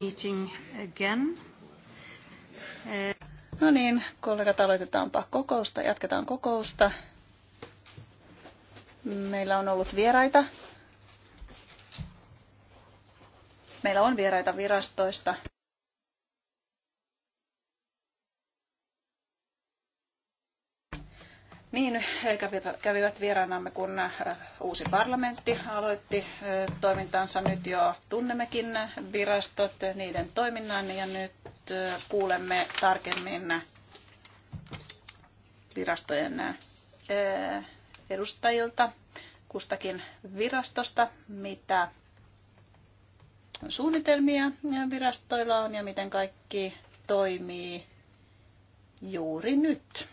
meeting again. Eh, no niin, kollegat, aloitetaanpa kokousta, jatketaan kokousta. Meillä on ollut vieraita. Meillä on vieraita virastoista. Niin kävivät vieraanamme, kun äh, uusi parlamentti aloitti äh, toimintansa. Nyt jo tunnemmekin virastot, niiden toiminnan ja nyt äh, kuulemme tarkemmin virastojen edustajilta kustakin virastosta, mitä suunnitelmia virastoilla on ja miten kaikki toimii juuri nyt.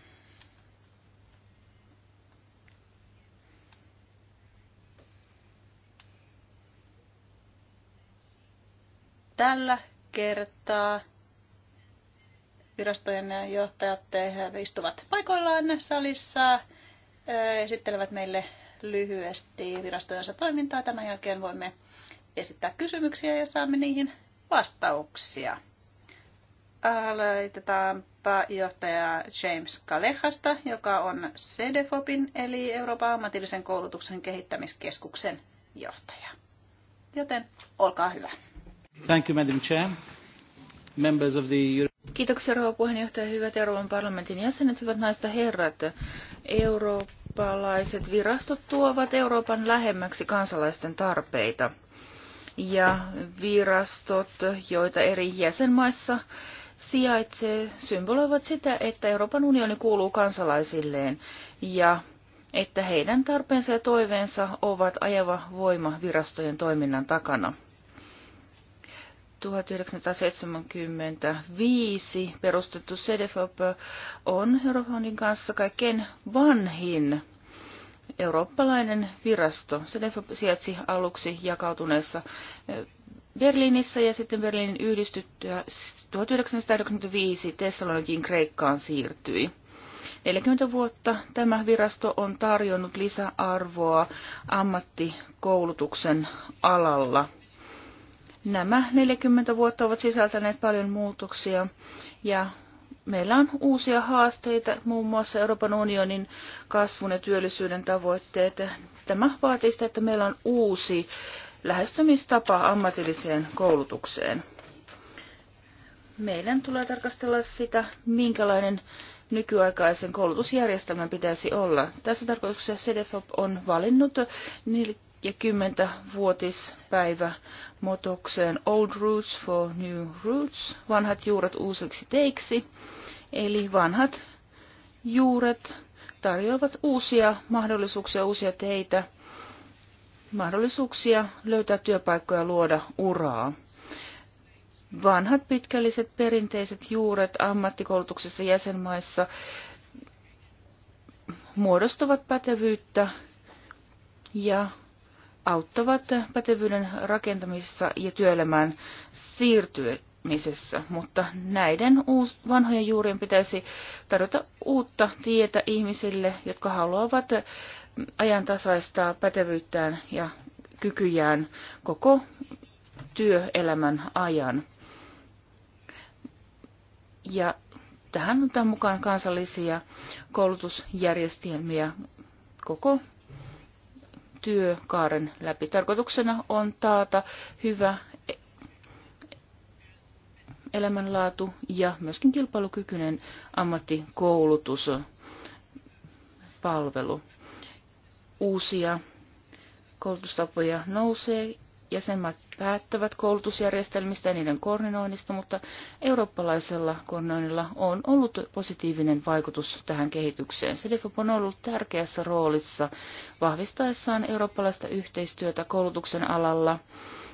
tällä kertaa virastojen johtajat istuvat paikoillaan salissa, esittelevät meille lyhyesti virastojensa toimintaa. Tämän jälkeen voimme esittää kysymyksiä ja saamme niihin vastauksia. Aloitetaanpa johtaja James Kalehasta, joka on CDFOPin eli Euroopan ammatillisen koulutuksen kehittämiskeskuksen johtaja. Joten olkaa hyvä. Thank you, Kiitoksia rouva puheenjohtaja, hyvät Euroopan parlamentin jäsenet, hyvät naiset ja herrat. Eurooppalaiset virastot tuovat Euroopan lähemmäksi kansalaisten tarpeita. Ja virastot, joita eri jäsenmaissa sijaitsee, symboloivat sitä, että Euroopan unioni kuuluu kansalaisilleen ja että heidän tarpeensa ja toiveensa ovat ajava voima virastojen toiminnan takana. 1975 perustettu CDFOP on Eurofondin kanssa kaikkein vanhin eurooppalainen virasto. CDFOP sijaitsi aluksi jakautuneessa eh, Berliinissä ja sitten Berliinin yhdistyttyä 1995 Thessalonikin Kreikkaan siirtyi. 40 vuotta tämä virasto on tarjonnut lisäarvoa ammattikoulutuksen alalla. Nämä 40 vuotta ovat sisältäneet paljon muutoksia ja meillä on uusia haasteita, muun muassa Euroopan unionin kasvun ja työllisyyden tavoitteet. Tämä vaatii sitä, että meillä on uusi lähestymistapa ammatilliseen koulutukseen. Meidän tulee tarkastella sitä, minkälainen nykyaikaisen koulutusjärjestelmän pitäisi olla. Tässä tarkoituksessa CDFOP on valinnut ja kymmentä vuotispäivä motokseen Old Roots for New Roots, vanhat juuret uusiksi teiksi. Eli vanhat juuret tarjoavat uusia mahdollisuuksia, uusia teitä, mahdollisuuksia löytää työpaikkoja ja luoda uraa. Vanhat pitkälliset perinteiset juuret ammattikoulutuksessa jäsenmaissa muodostavat pätevyyttä ja auttavat pätevyyden rakentamisessa ja työelämään siirtymisessä, mutta näiden uus, vanhojen juurien pitäisi tarjota uutta tietä ihmisille, jotka haluavat ajantasaistaa pätevyyttään ja kykyjään koko työelämän ajan. Ja tähän on mukaan kansallisia koulutusjärjestelmiä koko työkaaren läpi. Tarkoituksena on taata hyvä elämänlaatu ja myöskin kilpailukykyinen ammattikoulutuspalvelu. Uusia koulutustapoja nousee, jäsenmaat päättävät koulutusjärjestelmistä ja niiden koordinoinnista, mutta eurooppalaisella koordinoinnilla on ollut positiivinen vaikutus tähän kehitykseen. CDFOP on ollut tärkeässä roolissa vahvistaessaan eurooppalaista yhteistyötä koulutuksen alalla.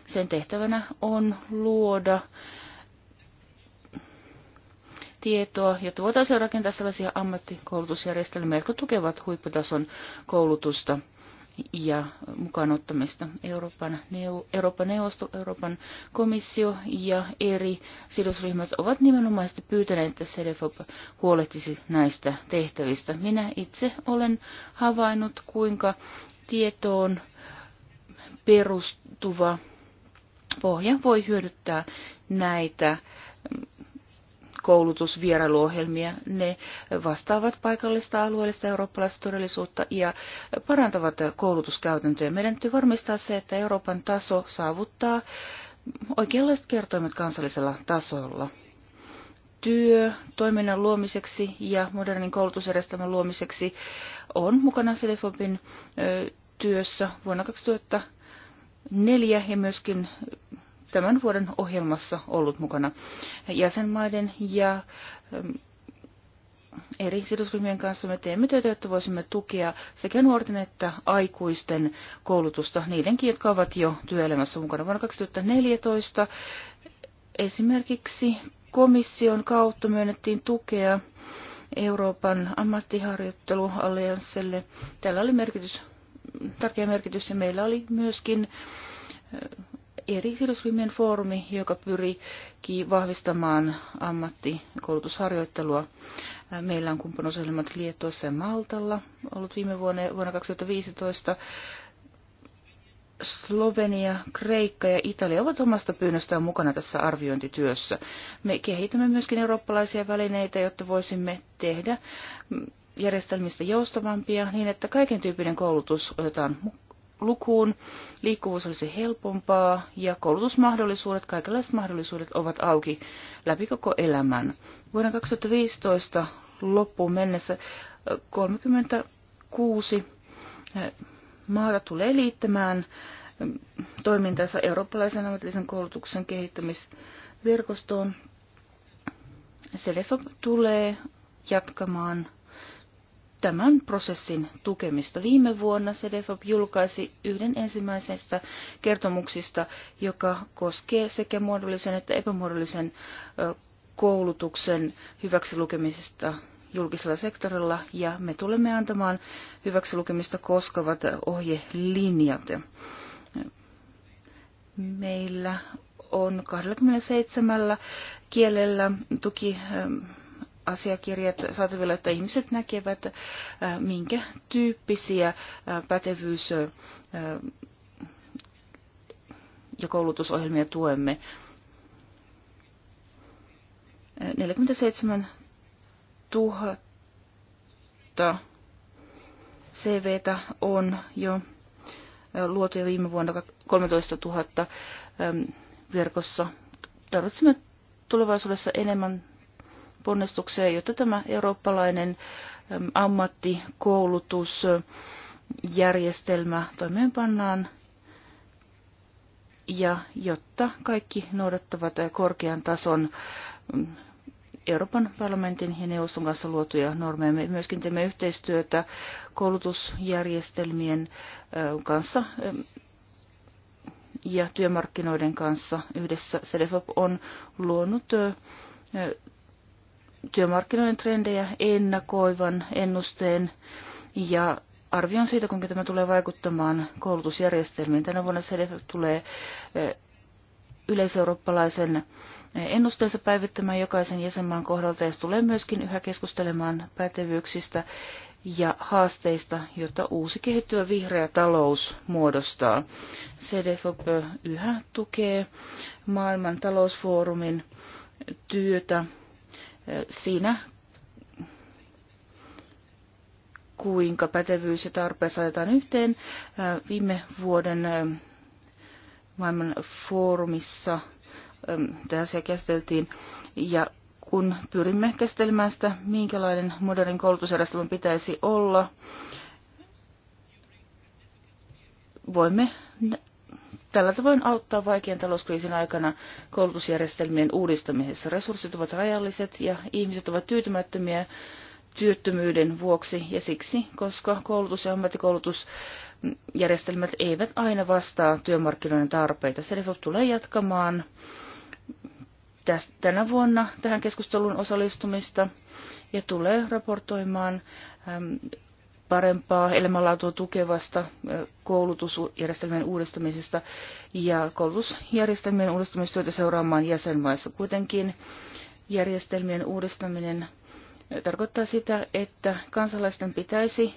Sen tehtävänä on luoda tietoa, jotta voitaisiin rakentaa sellaisia ammattikoulutusjärjestelmiä, jotka tukevat huipputason koulutusta ja mukaanottamista. Euroopan, neu, Euroopan neuvosto, Euroopan komissio ja eri sidosryhmät ovat nimenomaisesti pyytäneet, että CDFOP huolehtisi näistä tehtävistä. Minä itse olen havainnut, kuinka tietoon perustuva pohja voi hyödyttää näitä koulutusvierailuohjelmia. Ne vastaavat paikallista alueellista eurooppalaista todellisuutta ja parantavat koulutuskäytäntöjä. Meidän täytyy varmistaa se, että Euroopan taso saavuttaa oikeanlaiset kertoimet kansallisella tasolla työ toiminnan luomiseksi ja modernin koulutusjärjestelmän luomiseksi on mukana Selefobin työssä vuonna 2004 ja myöskin tämän vuoden ohjelmassa ollut mukana jäsenmaiden ja ähm, eri sidosryhmien kanssa me teemme työtä, jotta voisimme tukea sekä nuorten että aikuisten koulutusta, niidenkin, jotka ovat jo työelämässä mukana. Vuonna 2014 esimerkiksi komission kautta myönnettiin tukea Euroopan ammattiharjoittelualliansselle. Tällä oli merkitys, tärkeä merkitys ja meillä oli myöskin äh, eri sidosryhmien foorumi, joka pyri vahvistamaan ammatti- koulutusharjoittelua. Meillä on kumppanuusohjelmat Liettuassa ja Maltalla ollut viime vuonna, vuonna 2015. Slovenia, Kreikka ja Italia ovat omasta pyynnöstään mukana tässä arviointityössä. Me kehitämme myöskin eurooppalaisia välineitä, jotta voisimme tehdä järjestelmistä joustavampia niin, että kaiken tyyppinen koulutus otetaan mukaan lukuun. Liikkuvuus olisi helpompaa ja koulutusmahdollisuudet, kaikenlaiset mahdollisuudet ovat auki läpi koko elämän. Vuoden 2015 loppuun mennessä 36 maata tulee liittämään toimintansa eurooppalaisen ammatillisen koulutuksen kehittämisverkostoon. Selefa tulee jatkamaan tämän prosessin tukemista. Viime vuonna CDFOP julkaisi yhden ensimmäisestä kertomuksista, joka koskee sekä muodollisen että epämuodollisen koulutuksen hyväksilukemisesta julkisella sektorilla ja me tulemme antamaan hyväksilukemista koskevat ohjelinjat. Meillä on 27 kielellä tuki asiakirjat saatavilla, että ihmiset näkevät, äh, minkä tyyppisiä äh, pätevyys- äh, ja koulutusohjelmia tuemme. 47 000 CVtä on jo luotu ja viime vuonna 13 000 verkossa. Tarvitsemme tulevaisuudessa enemmän ponnistuksia, jotta tämä eurooppalainen ammattikoulutusjärjestelmä toimeenpannaan ja jotta kaikki noudattavat korkean tason Euroopan parlamentin ja neuvoston kanssa luotuja normeja. Me myöskin teemme yhteistyötä koulutusjärjestelmien kanssa ja työmarkkinoiden kanssa yhdessä. Sedefop on luonut työmarkkinoiden trendejä ennakoivan ennusteen ja arvion siitä, kuinka tämä tulee vaikuttamaan koulutusjärjestelmiin. Tänä vuonna se tulee yleiseurooppalaisen ennusteensa päivittämään jokaisen jäsenmaan kohdalta ja se tulee myöskin yhä keskustelemaan pätevyyksistä ja haasteista, jota uusi kehittyvä vihreä talous muodostaa. CDFOP yhä tukee maailman talousfoorumin työtä siinä, kuinka pätevyys ja tarpeet saadaan yhteen. Viime vuoden maailman foorumissa tämä asia käsiteltiin ja kun pyrimme käsittelemään sitä, minkälainen modernin koulutusjärjestelmä pitäisi olla, voimme tällä tavoin auttaa vaikean talouskriisin aikana koulutusjärjestelmien uudistamisessa. Resurssit ovat rajalliset ja ihmiset ovat tyytymättömiä työttömyyden vuoksi ja siksi, koska koulutus- ja ammattikoulutusjärjestelmät eivät aina vastaa työmarkkinoiden tarpeita. Se tulee jatkamaan tänä vuonna tähän keskusteluun osallistumista ja tulee raportoimaan parempaa elämänlaatua tukevasta koulutusjärjestelmien uudistamisesta ja koulutusjärjestelmien uudistamistyötä seuraamaan jäsenmaissa. Kuitenkin järjestelmien uudistaminen tarkoittaa sitä, että kansalaisten pitäisi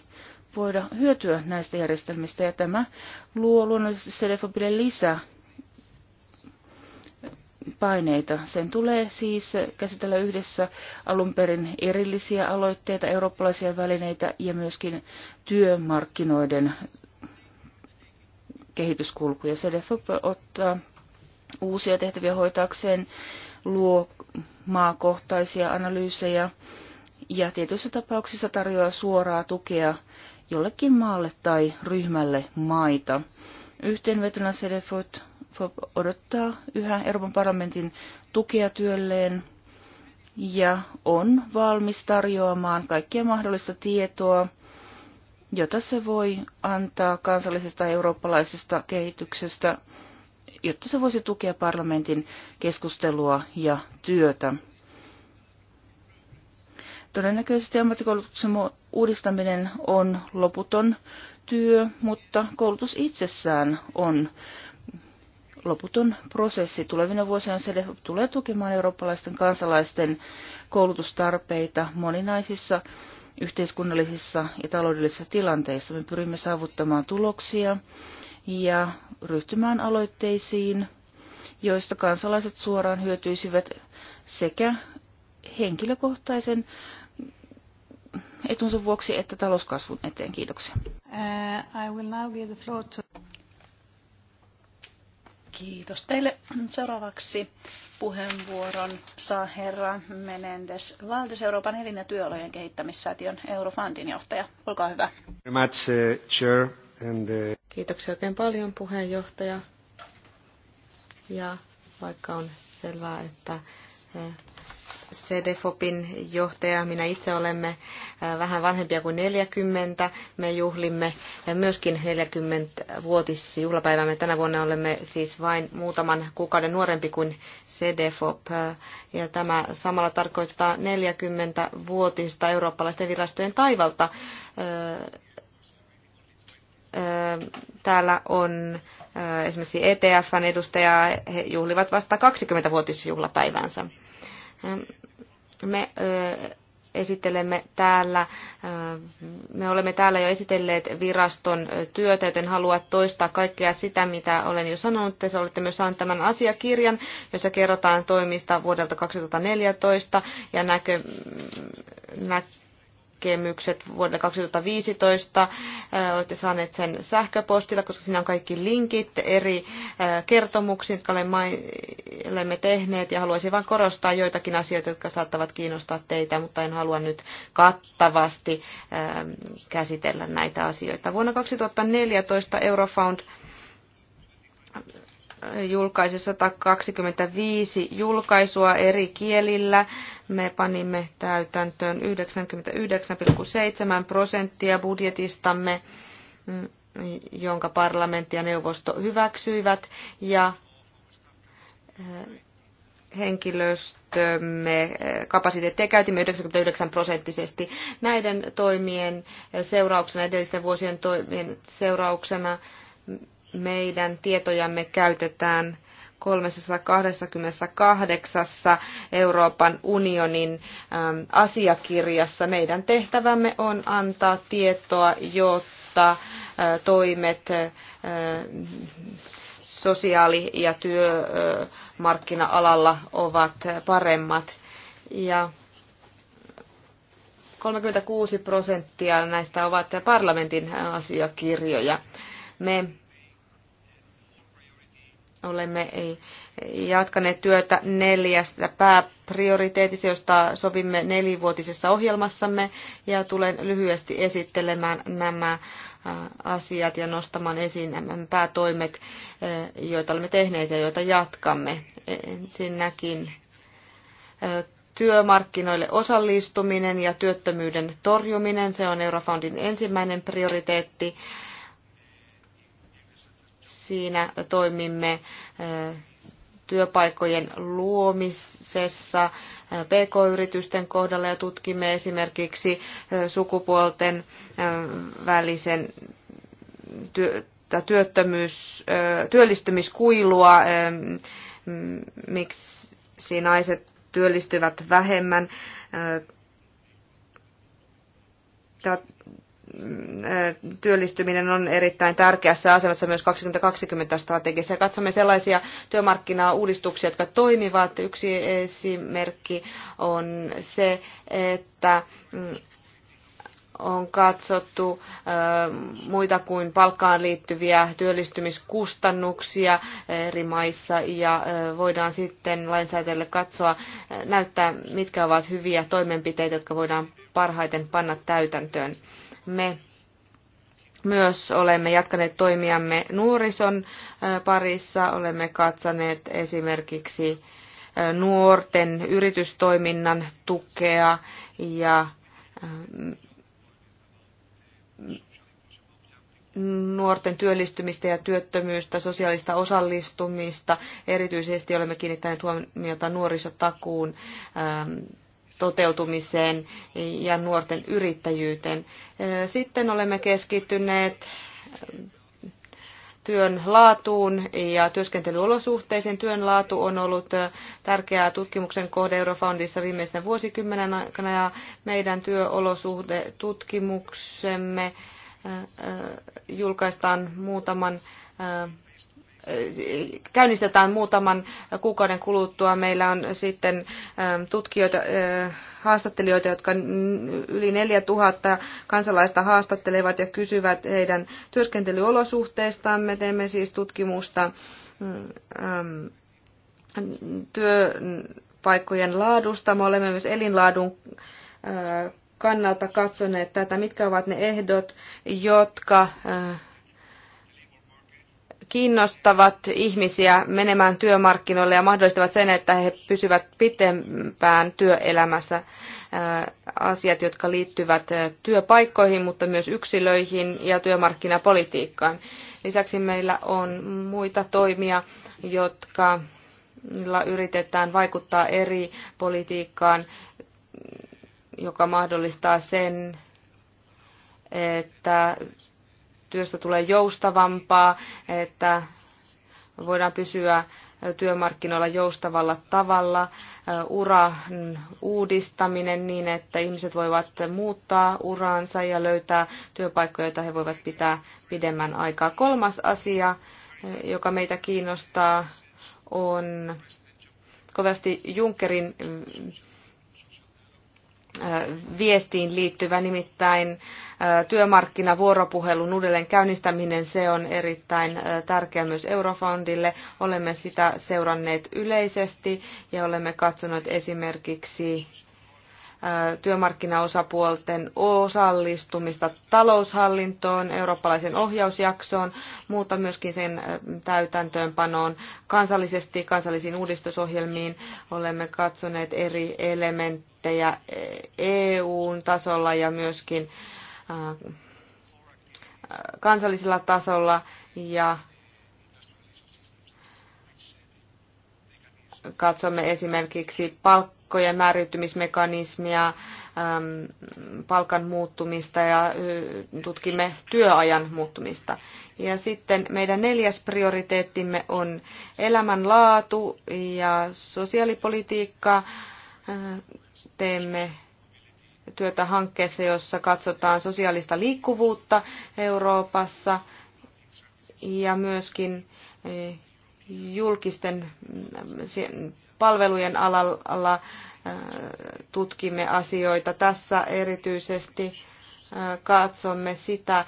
voida hyötyä näistä järjestelmistä ja tämä luo luonnollisesti lisää paineita. Sen tulee siis käsitellä yhdessä alun perin erillisiä aloitteita, eurooppalaisia välineitä ja myöskin työmarkkinoiden kehityskulkuja. CDFOP ottaa uusia tehtäviä hoitaakseen, luo maakohtaisia analyysejä ja tietyissä tapauksissa tarjoaa suoraa tukea jollekin maalle tai ryhmälle maita. Yhteenvetona CDFOT odottaa yhä Euroopan parlamentin tukea työlleen ja on valmis tarjoamaan kaikkia mahdollista tietoa, jota se voi antaa kansallisesta ja eurooppalaisesta kehityksestä, jotta se voisi tukea parlamentin keskustelua ja työtä. Todennäköisesti ammattikoulutuksen uudistaminen on loputon työ, mutta koulutus itsessään on loputon prosessi tulevina vuosina se tulee tukemaan eurooppalaisten kansalaisten koulutustarpeita moninaisissa yhteiskunnallisissa ja taloudellisissa tilanteissa. Me pyrimme saavuttamaan tuloksia ja ryhtymään aloitteisiin, joista kansalaiset suoraan hyötyisivät sekä henkilökohtaisen etunsa vuoksi että talouskasvun eteen. Kiitoksia. Uh, I will now give the floor to... Kiitos teille. Seuraavaksi puheenvuoron saa herra Menendez Valdes, Euroopan elin- ja työolojen kehittämissäätiön Eurofundin johtaja. Olkaa hyvä. Uh, uh, Kiitoksia oikein paljon puheenjohtaja. Ja vaikka on selvää, että uh, CDFOPin johtaja, minä itse olemme vähän vanhempia kuin 40. Me juhlimme myöskin 40-vuotisjuhlapäivämme. Tänä vuonna olemme siis vain muutaman kuukauden nuorempi kuin CDFOP. Ja tämä samalla tarkoittaa 40-vuotista eurooppalaisten virastojen taivalta. Täällä on esimerkiksi ETFn edustaja, he juhlivat vasta 20-vuotisjuhlapäivänsä. Me esittelemme täällä, me olemme täällä jo esitelleet viraston työtä, joten haluat toistaa kaikkea sitä, mitä olen jo sanonut. Te olette myös saaneet tämän asiakirjan, jossa kerrotaan toimista vuodelta 2014 ja näkö, nä, näkemykset vuodelle 2015. Äh, olette saaneet sen sähköpostilla, koska siinä on kaikki linkit eri äh, kertomuksiin, jotka olemme tehneet. Ja haluaisin vain korostaa joitakin asioita, jotka saattavat kiinnostaa teitä, mutta en halua nyt kattavasti ähm, käsitellä näitä asioita. Vuonna 2014 Eurofound julkaisi 125 julkaisua eri kielillä. Me panimme täytäntöön 99,7 prosenttia budjetistamme, mm, jonka parlamentti ja neuvosto hyväksyivät, ja eh, henkilöstömme eh, kapasiteettia käytimme 99 prosenttisesti. Näiden toimien seurauksena, edellisten vuosien toimien seurauksena, meidän tietojamme käytetään 328 Euroopan unionin asiakirjassa. Meidän tehtävämme on antaa tietoa, jotta toimet sosiaali- ja työmarkkina-alalla ovat paremmat. Ja 36 prosenttia näistä ovat parlamentin asiakirjoja. Me olemme jatkaneet työtä neljästä pääprioriteetista, josta sovimme nelivuotisessa ohjelmassamme ja tulen lyhyesti esittelemään nämä asiat ja nostamaan esiin nämä päätoimet, joita olemme tehneet ja joita jatkamme. Ensinnäkin työmarkkinoille osallistuminen ja työttömyyden torjuminen, se on Eurofoundin ensimmäinen prioriteetti Siinä toimimme työpaikkojen luomisessa pk-yritysten kohdalla ja tutkimme esimerkiksi sukupuolten välisen työttömyys, työllistymiskuilua, miksi naiset työllistyvät vähemmän Mm, työllistyminen on erittäin tärkeässä asemassa myös 2020 strategiassa. Katsomme sellaisia työmarkkinauudistuksia, jotka toimivat. Yksi esimerkki on se, että mm, on katsottu muita kuin palkkaan liittyviä työllistymiskustannuksia eri maissa ja voidaan sitten lainsäätäjille katsoa, näyttää mitkä ovat hyviä toimenpiteitä, jotka voidaan parhaiten panna täytäntöön. Me myös olemme jatkaneet toimiamme nuorison parissa, olemme katsaneet esimerkiksi nuorten yritystoiminnan tukea ja nuorten työllistymistä ja työttömyystä, sosiaalista osallistumista. Erityisesti olemme kiinnittäneet huomiota nuorisotakuun toteutumiseen ja nuorten yrittäjyyteen. Sitten olemme keskittyneet työn laatuun ja työskentelyolosuhteisiin. Työn laatu on ollut tärkeää tutkimuksen kohde Eurofoundissa viimeisten vuosikymmenen aikana ja meidän työolosuhdetutkimuksemme äh, äh, julkaistaan muutaman äh, käynnistetään muutaman kuukauden kuluttua. Meillä on sitten ähm, tutkijoita, äh, haastattelijoita, jotka yli 4000 kansalaista haastattelevat ja kysyvät heidän työskentelyolosuhteistaan. Me teemme siis tutkimusta mm, ähm, työpaikkojen laadusta. Me olemme myös elinlaadun äh, kannalta katsoneet tätä, mitkä ovat ne ehdot, jotka äh, kiinnostavat ihmisiä menemään työmarkkinoille ja mahdollistavat sen, että he pysyvät pitempään työelämässä. Äh, asiat, jotka liittyvät äh, työpaikkoihin, mutta myös yksilöihin ja työmarkkinapolitiikkaan. Lisäksi meillä on muita toimia, jotka yritetään vaikuttaa eri politiikkaan, joka mahdollistaa sen, että työstä tulee joustavampaa, että voidaan pysyä työmarkkinoilla joustavalla tavalla, uran uudistaminen niin, että ihmiset voivat muuttaa uraansa ja löytää työpaikkoja, joita he voivat pitää pidemmän aikaa. Kolmas asia, joka meitä kiinnostaa, on kovasti Junckerin viestiin liittyvä, nimittäin työmarkkinavuoropuhelun uudelleen käynnistäminen, se on erittäin tärkeä myös Eurofondille. Olemme sitä seuranneet yleisesti ja olemme katsoneet esimerkiksi työmarkkinaosapuolten osallistumista taloushallintoon, eurooppalaisen ohjausjaksoon, mutta myöskin sen täytäntöönpanoon kansallisesti, kansallisiin uudistusohjelmiin. Olemme katsoneet eri elementtejä EUn e tasolla ja myöskin kansallisella tasolla ja katsomme esimerkiksi palkkaa palkkojen määräytymismekanismia, palkan muuttumista ja tutkimme työajan muuttumista. Ja sitten meidän neljäs prioriteettimme on elämänlaatu ja sosiaalipolitiikka. Äh, teemme työtä hankkeessa, jossa katsotaan sosiaalista liikkuvuutta Euroopassa ja myöskin julkisten palvelujen alalla äh, tutkimme asioita. Tässä erityisesti äh, katsomme sitä, äh,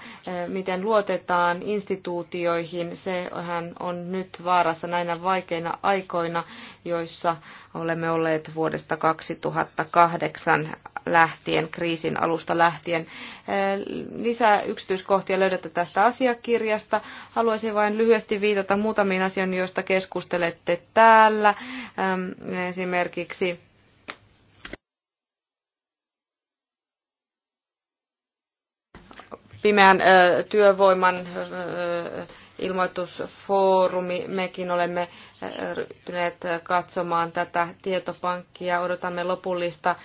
miten luotetaan instituutioihin. Sehän on nyt vaarassa näinä vaikeina aikoina, joissa olemme olleet vuodesta 2008 lähtien, kriisin alusta lähtien. Äh, lisää yksityiskohtia löydätte tästä asiakirjasta. Haluaisin vain lyhyesti viitata muutamiin asioihin, joista keskustelette täällä. Ähm, esimerkiksi pimeän äh, työvoiman äh, ilmoitusfoorumi. Mekin olemme eh, ryhtyneet katsomaan tätä tietopankkia. Odotamme lopullista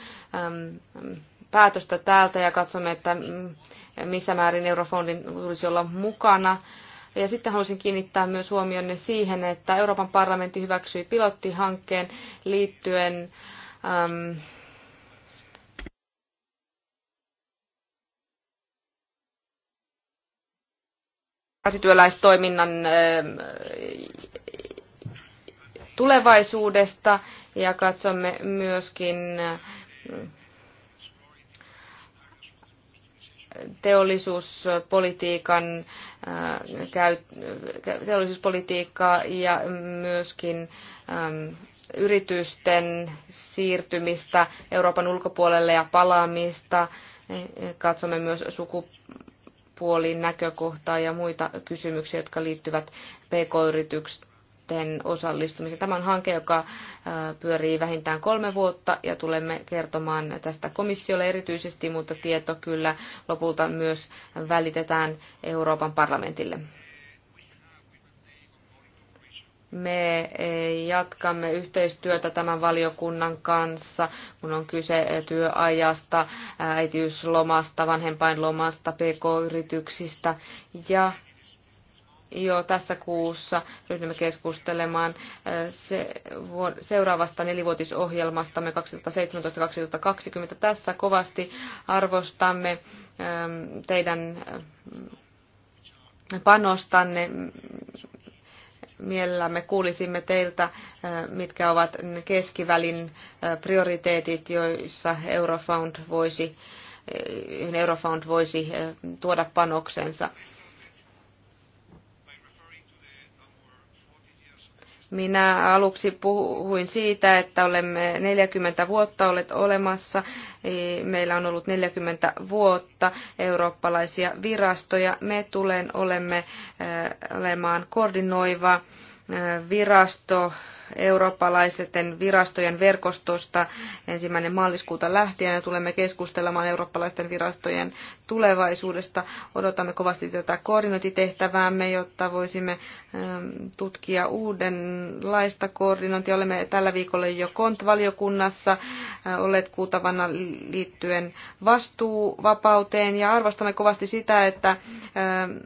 päätöstä täältä ja katsomme, että mm, missä määrin Eurofondin tulisi olla mukana. Ja sitten haluaisin kiinnittää myös huomionne siihen, että Euroopan parlamentti hyväksyi pilottihankkeen liittyen käsityöläistoiminnan tulevaisuudesta ja katsomme myöskin teollisuuspolitiikan, teollisuuspolitiikkaa ja myöskin yritysten siirtymistä Euroopan ulkopuolelle ja palaamista. Katsomme myös sukupuolta puoliin näkökohtaa ja muita kysymyksiä, jotka liittyvät pk-yritysten osallistumiseen. Tämä on hanke, joka pyörii vähintään kolme vuotta ja tulemme kertomaan tästä komissiolle erityisesti, mutta tieto kyllä lopulta myös välitetään Euroopan parlamentille. Me eh, jatkamme yhteistyötä tämän valiokunnan kanssa, kun on kyse eh, työajasta, eh, äitiyslomasta, vanhempainlomasta, pk-yrityksistä ja jo tässä kuussa ryhdymme keskustelemaan se, seuraavasta nelivuotisohjelmastamme 2017-2020. Tässä kovasti arvostamme teidän panostanne mielellämme kuulisimme teiltä, äh, mitkä ovat keskivälin äh, prioriteetit, joissa Eurofound voisi, äh, Eurofound voisi tuoda panoksensa. Minä aluksi puhuin siitä, että olemme 40 vuotta olleet olemassa. E, meillä on ollut 40 vuotta eurooppalaisia virastoja. Me tulen olemme e, olemaan koordinoiva virasto eurooppalaisten virastojen verkostosta ensimmäinen maaliskuuta lähtien ja tulemme keskustelemaan eurooppalaisten virastojen tulevaisuudesta. Odotamme kovasti tätä koordinointitehtäväämme, jotta voisimme ähm, tutkia uudenlaista koordinointia. Olemme tällä viikolla jo KONT-valiokunnassa äh, olleet kuultavana liittyen vastuuvapauteen ja arvostamme kovasti sitä, että ähm,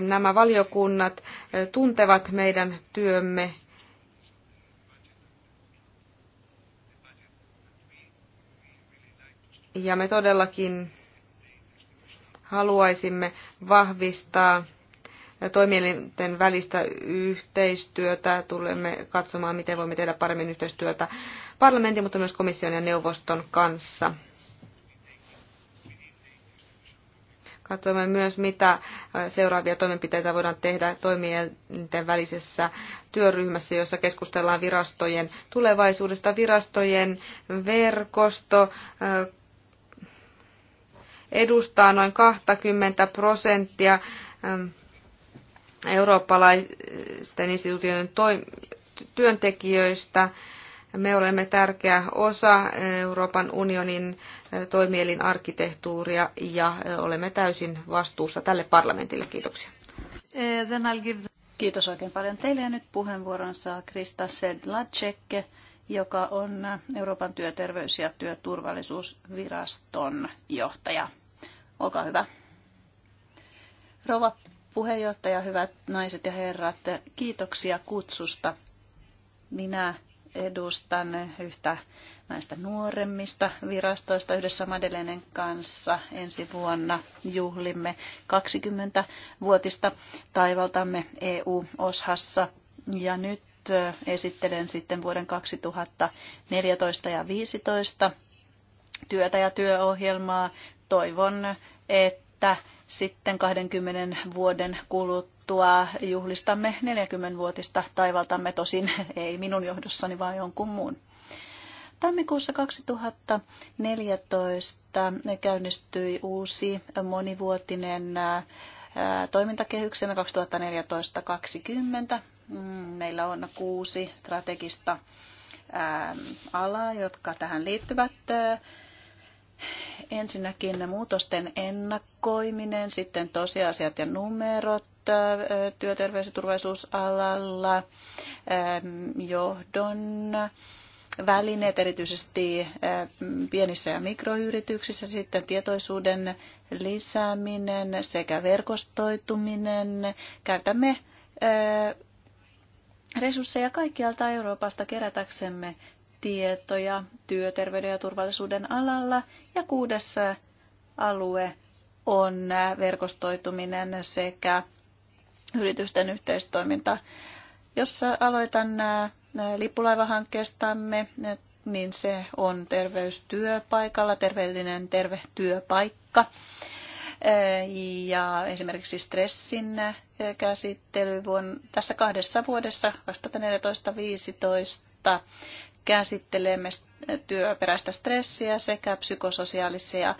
nämä valiokunnat eh, tuntevat meidän työmme ja me todellakin haluaisimme vahvistaa toimielinten välistä yhteistyötä. Tulemme katsomaan, miten voimme tehdä paremmin yhteistyötä parlamentin, mutta myös komission ja neuvoston kanssa. Katsomme myös, mitä seuraavia toimenpiteitä voidaan tehdä toimielinten välisessä työryhmässä, jossa keskustellaan virastojen tulevaisuudesta, virastojen verkosto, edustaa noin 20 prosenttia eurooppalaisten instituutioiden työntekijöistä me olemme tärkeä osa Euroopan unionin toimielinarkkitehtuuria ja olemme täysin vastuussa tälle parlamentille. Kiitoksia. Eh, Kiitos oikein paljon teille ja nyt puheenvuoron saa Krista Sedlacek, joka on Euroopan työterveys- ja työturvallisuusviraston johtaja. Olkaa hyvä. Rova puheenjohtaja, hyvät naiset ja herrat, kiitoksia kutsusta. Minä edustan yhtä näistä nuoremmista virastoista yhdessä Madeleinen kanssa. Ensi vuonna juhlimme 20-vuotista taivaltamme EU-oshassa. Ja nyt esittelen sitten vuoden 2014 ja 2015 työtä ja työohjelmaa. Toivon, että että sitten 20 vuoden kuluttua juhlistamme 40-vuotista taivaltamme, tosin ei minun johdossani, vaan jonkun muun. Tammikuussa 2014 käynnistyi uusi monivuotinen toimintakehyksemme 2014-2020. Mm, meillä on kuusi strategista alaa, jotka tähän liittyvät Ensinnäkin muutosten ennakkoiminen, sitten tosiasiat ja numerot työterveys- ja turvallisuusalalla, johdon välineet erityisesti pienissä ja mikroyrityksissä, sitten tietoisuuden lisääminen sekä verkostoituminen. Käytämme resursseja kaikkialta Euroopasta kerätäksemme tietoja työterveyden ja turvallisuuden alalla. Ja kuudes alue on verkostoituminen sekä yritysten yhteistoiminta. Jos aloitan lippulaivahankkeestamme, niin se on terveystyöpaikalla, terveellinen terve työpaikka. Ja esimerkiksi stressin käsittely vuonna, tässä kahdessa vuodessa 2014-2015 käsittelemme työperäistä stressiä sekä psykososiaalisia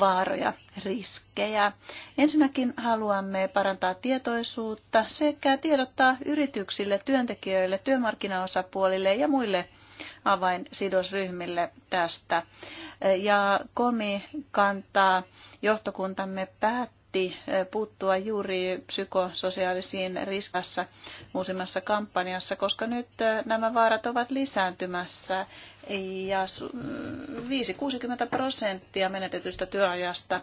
vaaroja, riskejä. Ensinnäkin haluamme parantaa tietoisuutta sekä tiedottaa yrityksille, työntekijöille, työmarkkinaosapuolille ja muille avainsidosryhmille tästä. Ja komi kantaa johtokuntamme päättää päätti puuttua juuri psykososiaalisiin riskassa uusimmassa kampanjassa, koska nyt nämä vaarat ovat lisääntymässä ja 5-60 prosenttia menetetystä työajasta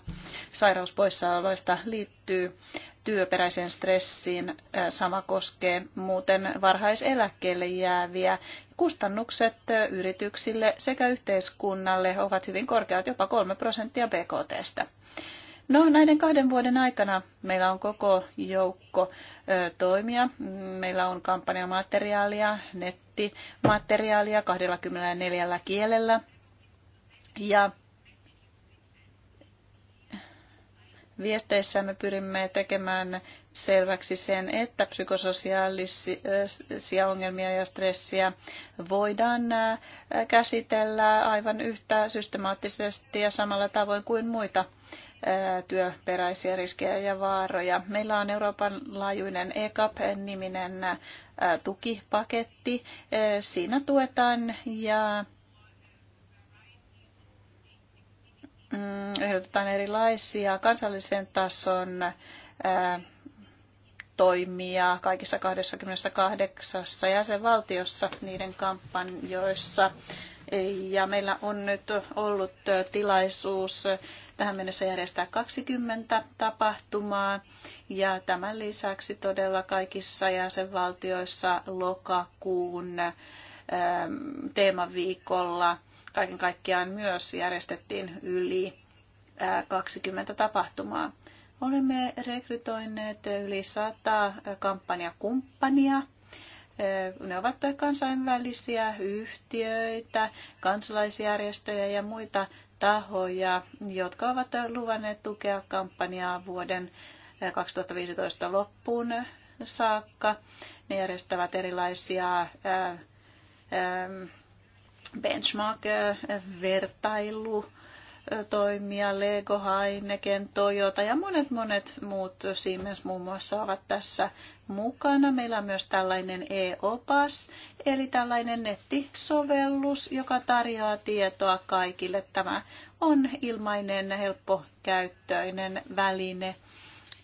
sairauspoissaoloista liittyy työperäiseen stressiin. Sama koskee muuten varhaiseläkkeelle jääviä. Kustannukset yrityksille sekä yhteiskunnalle ovat hyvin korkeat, jopa 3 prosenttia BKTstä. No näiden kahden vuoden aikana meillä on koko joukko toimia. Meillä on kampanjamateriaalia, nettimateriaalia 24 kielellä. Ja viesteissä me pyrimme tekemään selväksi sen, että psykososiaalisia ongelmia ja stressiä voidaan käsitellä aivan yhtä systemaattisesti ja samalla tavoin kuin muita työperäisiä riskejä ja vaaroja. Meillä on Euroopan laajuinen ECAP-niminen tukipaketti. Siinä tuetaan ja mm, ehdotetaan erilaisia kansallisen tason toimia kaikissa 28 jäsenvaltiossa niiden kampanjoissa. Ja meillä on nyt ollut tilaisuus tähän mennessä järjestää 20 tapahtumaa ja tämän lisäksi todella kaikissa jäsenvaltioissa lokakuun ähm, teemaviikolla kaiken kaikkiaan myös järjestettiin yli 20 äh, tapahtumaa. Olemme rekrytoineet yli 100 kampanjakumppania äh, ne ovat kansainvälisiä yhtiöitä, kansalaisjärjestöjä ja muita tahoja, jotka ovat luvanneet tukea kampanjaa vuoden 2015 eh, loppuun saakka. Ne järjestävät erilaisia eh, eh, benchmark vertailuja toimia, Lego, Heineken, Toyota ja monet monet muut, Siemens muun muassa ovat tässä mukana. Meillä on myös tällainen e-opas, eli tällainen nettisovellus, joka tarjoaa tietoa kaikille. Tämä on ilmainen, helppokäyttöinen väline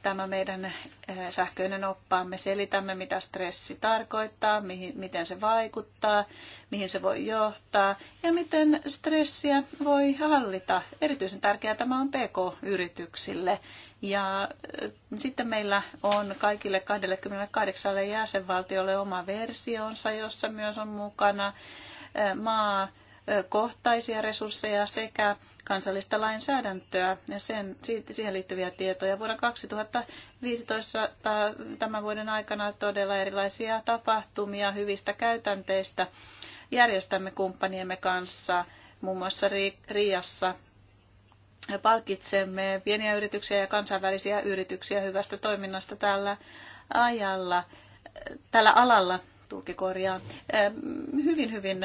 tämä meidän eh, sähköinen oppaamme, selitämme mitä stressi tarkoittaa, mihin, miten se vaikuttaa, mihin se voi johtaa ja miten stressiä voi hallita. Erityisen tärkeää tämä on PK-yrityksille. Ja eh, sitten meillä on kaikille 28 jäsenvaltiolle oma versionsa, jossa myös on mukana eh, maa, kohtaisia resursseja sekä kansallista lainsäädäntöä ja sen, siihen liittyviä tietoja. Vuonna 2015 tämän vuoden aikana todella erilaisia tapahtumia hyvistä käytänteistä järjestämme kumppaniemme kanssa, muun muassa Riassa palkitsemme pieniä yrityksiä ja kansainvälisiä yrityksiä hyvästä toiminnasta tällä ajalla, tällä alalla tulkikorjaa, hyvin, hyvin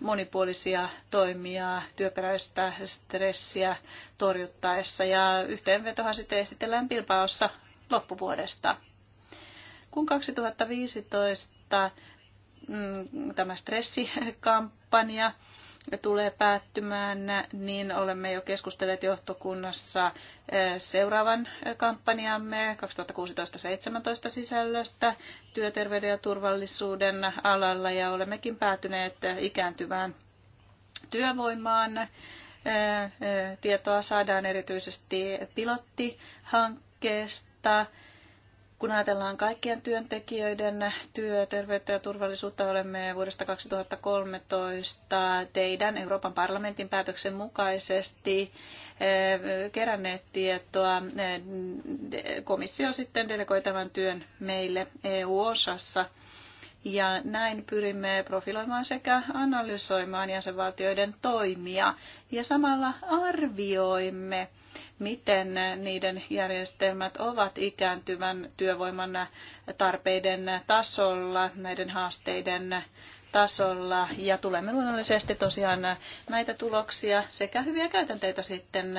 monipuolisia toimia työperäistä stressiä torjuttaessa. Ja yhteenvetohan sitten esitellään Bilbaossa loppuvuodesta. Kun 2015 mm, tämä stressikampanja tulee päättymään, niin olemme jo keskustelleet johtokunnassa eh, seuraavan eh, kampanjamme 2016-2017 sisällöstä työterveyden ja turvallisuuden alalla ja olemmekin päätyneet eh, ikääntyvään työvoimaan. Tietoa saadaan erityisesti pilottihankkeesta kun ajatellaan kaikkien työntekijöiden työterveyttä ja turvallisuutta, olemme vuodesta 2013 teidän Euroopan parlamentin päätöksen mukaisesti eh, keränneet tietoa. Eh, komissio sitten delegoitavan työn meille EU-osassa. Ja näin pyrimme profiloimaan sekä analysoimaan jäsenvaltioiden toimia ja samalla arvioimme miten niiden järjestelmät ovat ikääntyvän työvoiman tarpeiden tasolla, näiden haasteiden tasolla. Ja tulemme luonnollisesti tosiaan näitä tuloksia sekä hyviä käytänteitä sitten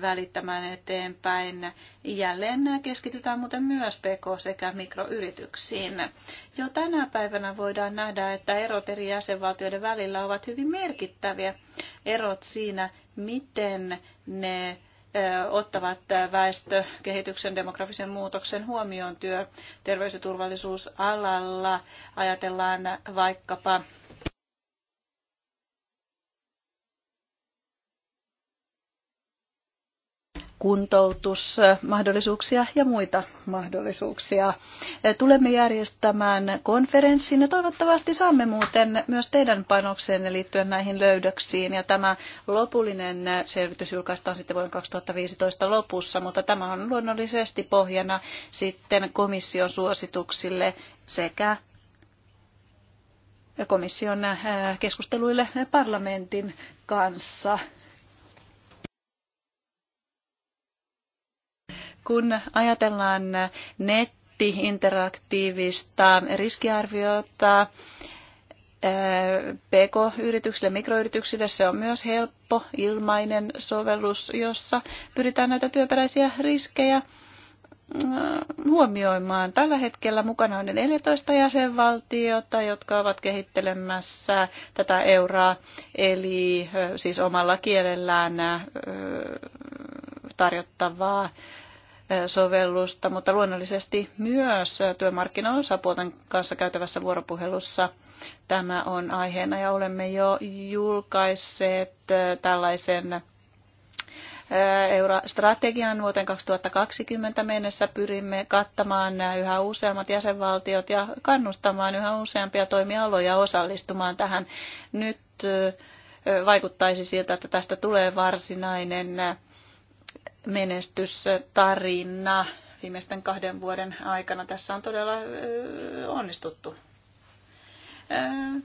välittämään eteenpäin. Jälleen keskitytään muuten myös pk- sekä mikroyrityksiin. Jo tänä päivänä voidaan nähdä, että erot eri jäsenvaltioiden välillä ovat hyvin merkittäviä. Erot siinä, miten ne ottavat väestökehityksen demografisen muutoksen huomioon työ terveys- ja turvallisuusalalla. Ajatellaan vaikkapa kuntoutusmahdollisuuksia ja muita mahdollisuuksia. Tulemme järjestämään konferenssin ja toivottavasti saamme muuten myös teidän panokseenne liittyen näihin löydöksiin. Ja tämä lopullinen selvitys julkaistaan sitten vuoden 2015 lopussa, mutta tämä on luonnollisesti pohjana sitten komission suosituksille sekä komission keskusteluille parlamentin kanssa Kun ajatellaan netti-interaktiivista riskiarviota, eh, PK-yrityksille, mikroyrityksille se on myös helppo, ilmainen sovellus, jossa pyritään näitä työperäisiä riskejä eh, huomioimaan. Tällä hetkellä mukana on 14 jäsenvaltiota, jotka ovat kehittelemässä tätä euroa, eli eh, siis omalla kielellään tarjottavaa sovellusta, mutta luonnollisesti myös työmarkkinaosapuolten kanssa käytävässä vuoropuhelussa tämä on aiheena ja olemme jo julkaisseet äh, tällaisen äh, eurostrategian vuoteen 2020 mennessä pyrimme kattamaan äh, yhä useammat jäsenvaltiot ja kannustamaan yhä useampia toimialoja osallistumaan tähän. Nyt vaikuttaisi siltä, että tästä tulee varsinainen menestystarina viimeisten kahden vuoden aikana. Tässä on todella onnistuttu.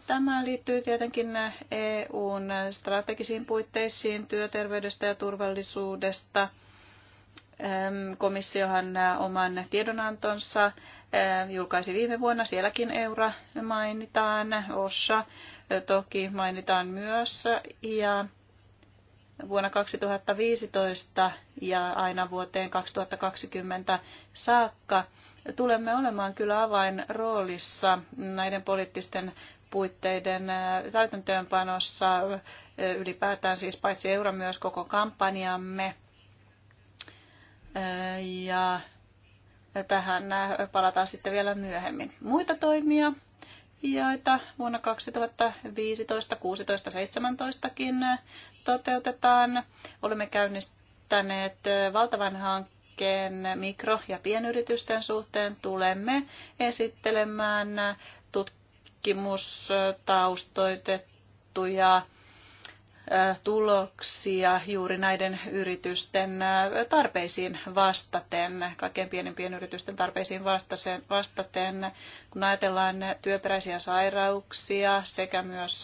Tämä liittyy tietenkin EUn strategisiin puitteisiin työterveydestä ja turvallisuudesta. Komissiohan oman tiedonantonsa julkaisi viime vuonna. Sielläkin EURA mainitaan, OSHA toki mainitaan myös. Ja vuonna 2015 ja aina vuoteen 2020 saakka tulemme olemaan kyllä avainroolissa näiden poliittisten puitteiden täytäntöönpanossa ylipäätään siis paitsi euro myös koko kampanjamme. Ja tähän palataan sitten vielä myöhemmin. Muita toimia että vuonna 2015, 16, 17kin toteutetaan. Olemme käynnistäneet valtavan hankkeen mikro- ja pienyritysten suhteen. Tulemme esittelemään tutkimustaustoitettuja tuloksia juuri näiden yritysten tarpeisiin vastaten, kaikkein pienimpien yritysten tarpeisiin vastaten, kun ajatellaan työperäisiä sairauksia sekä myös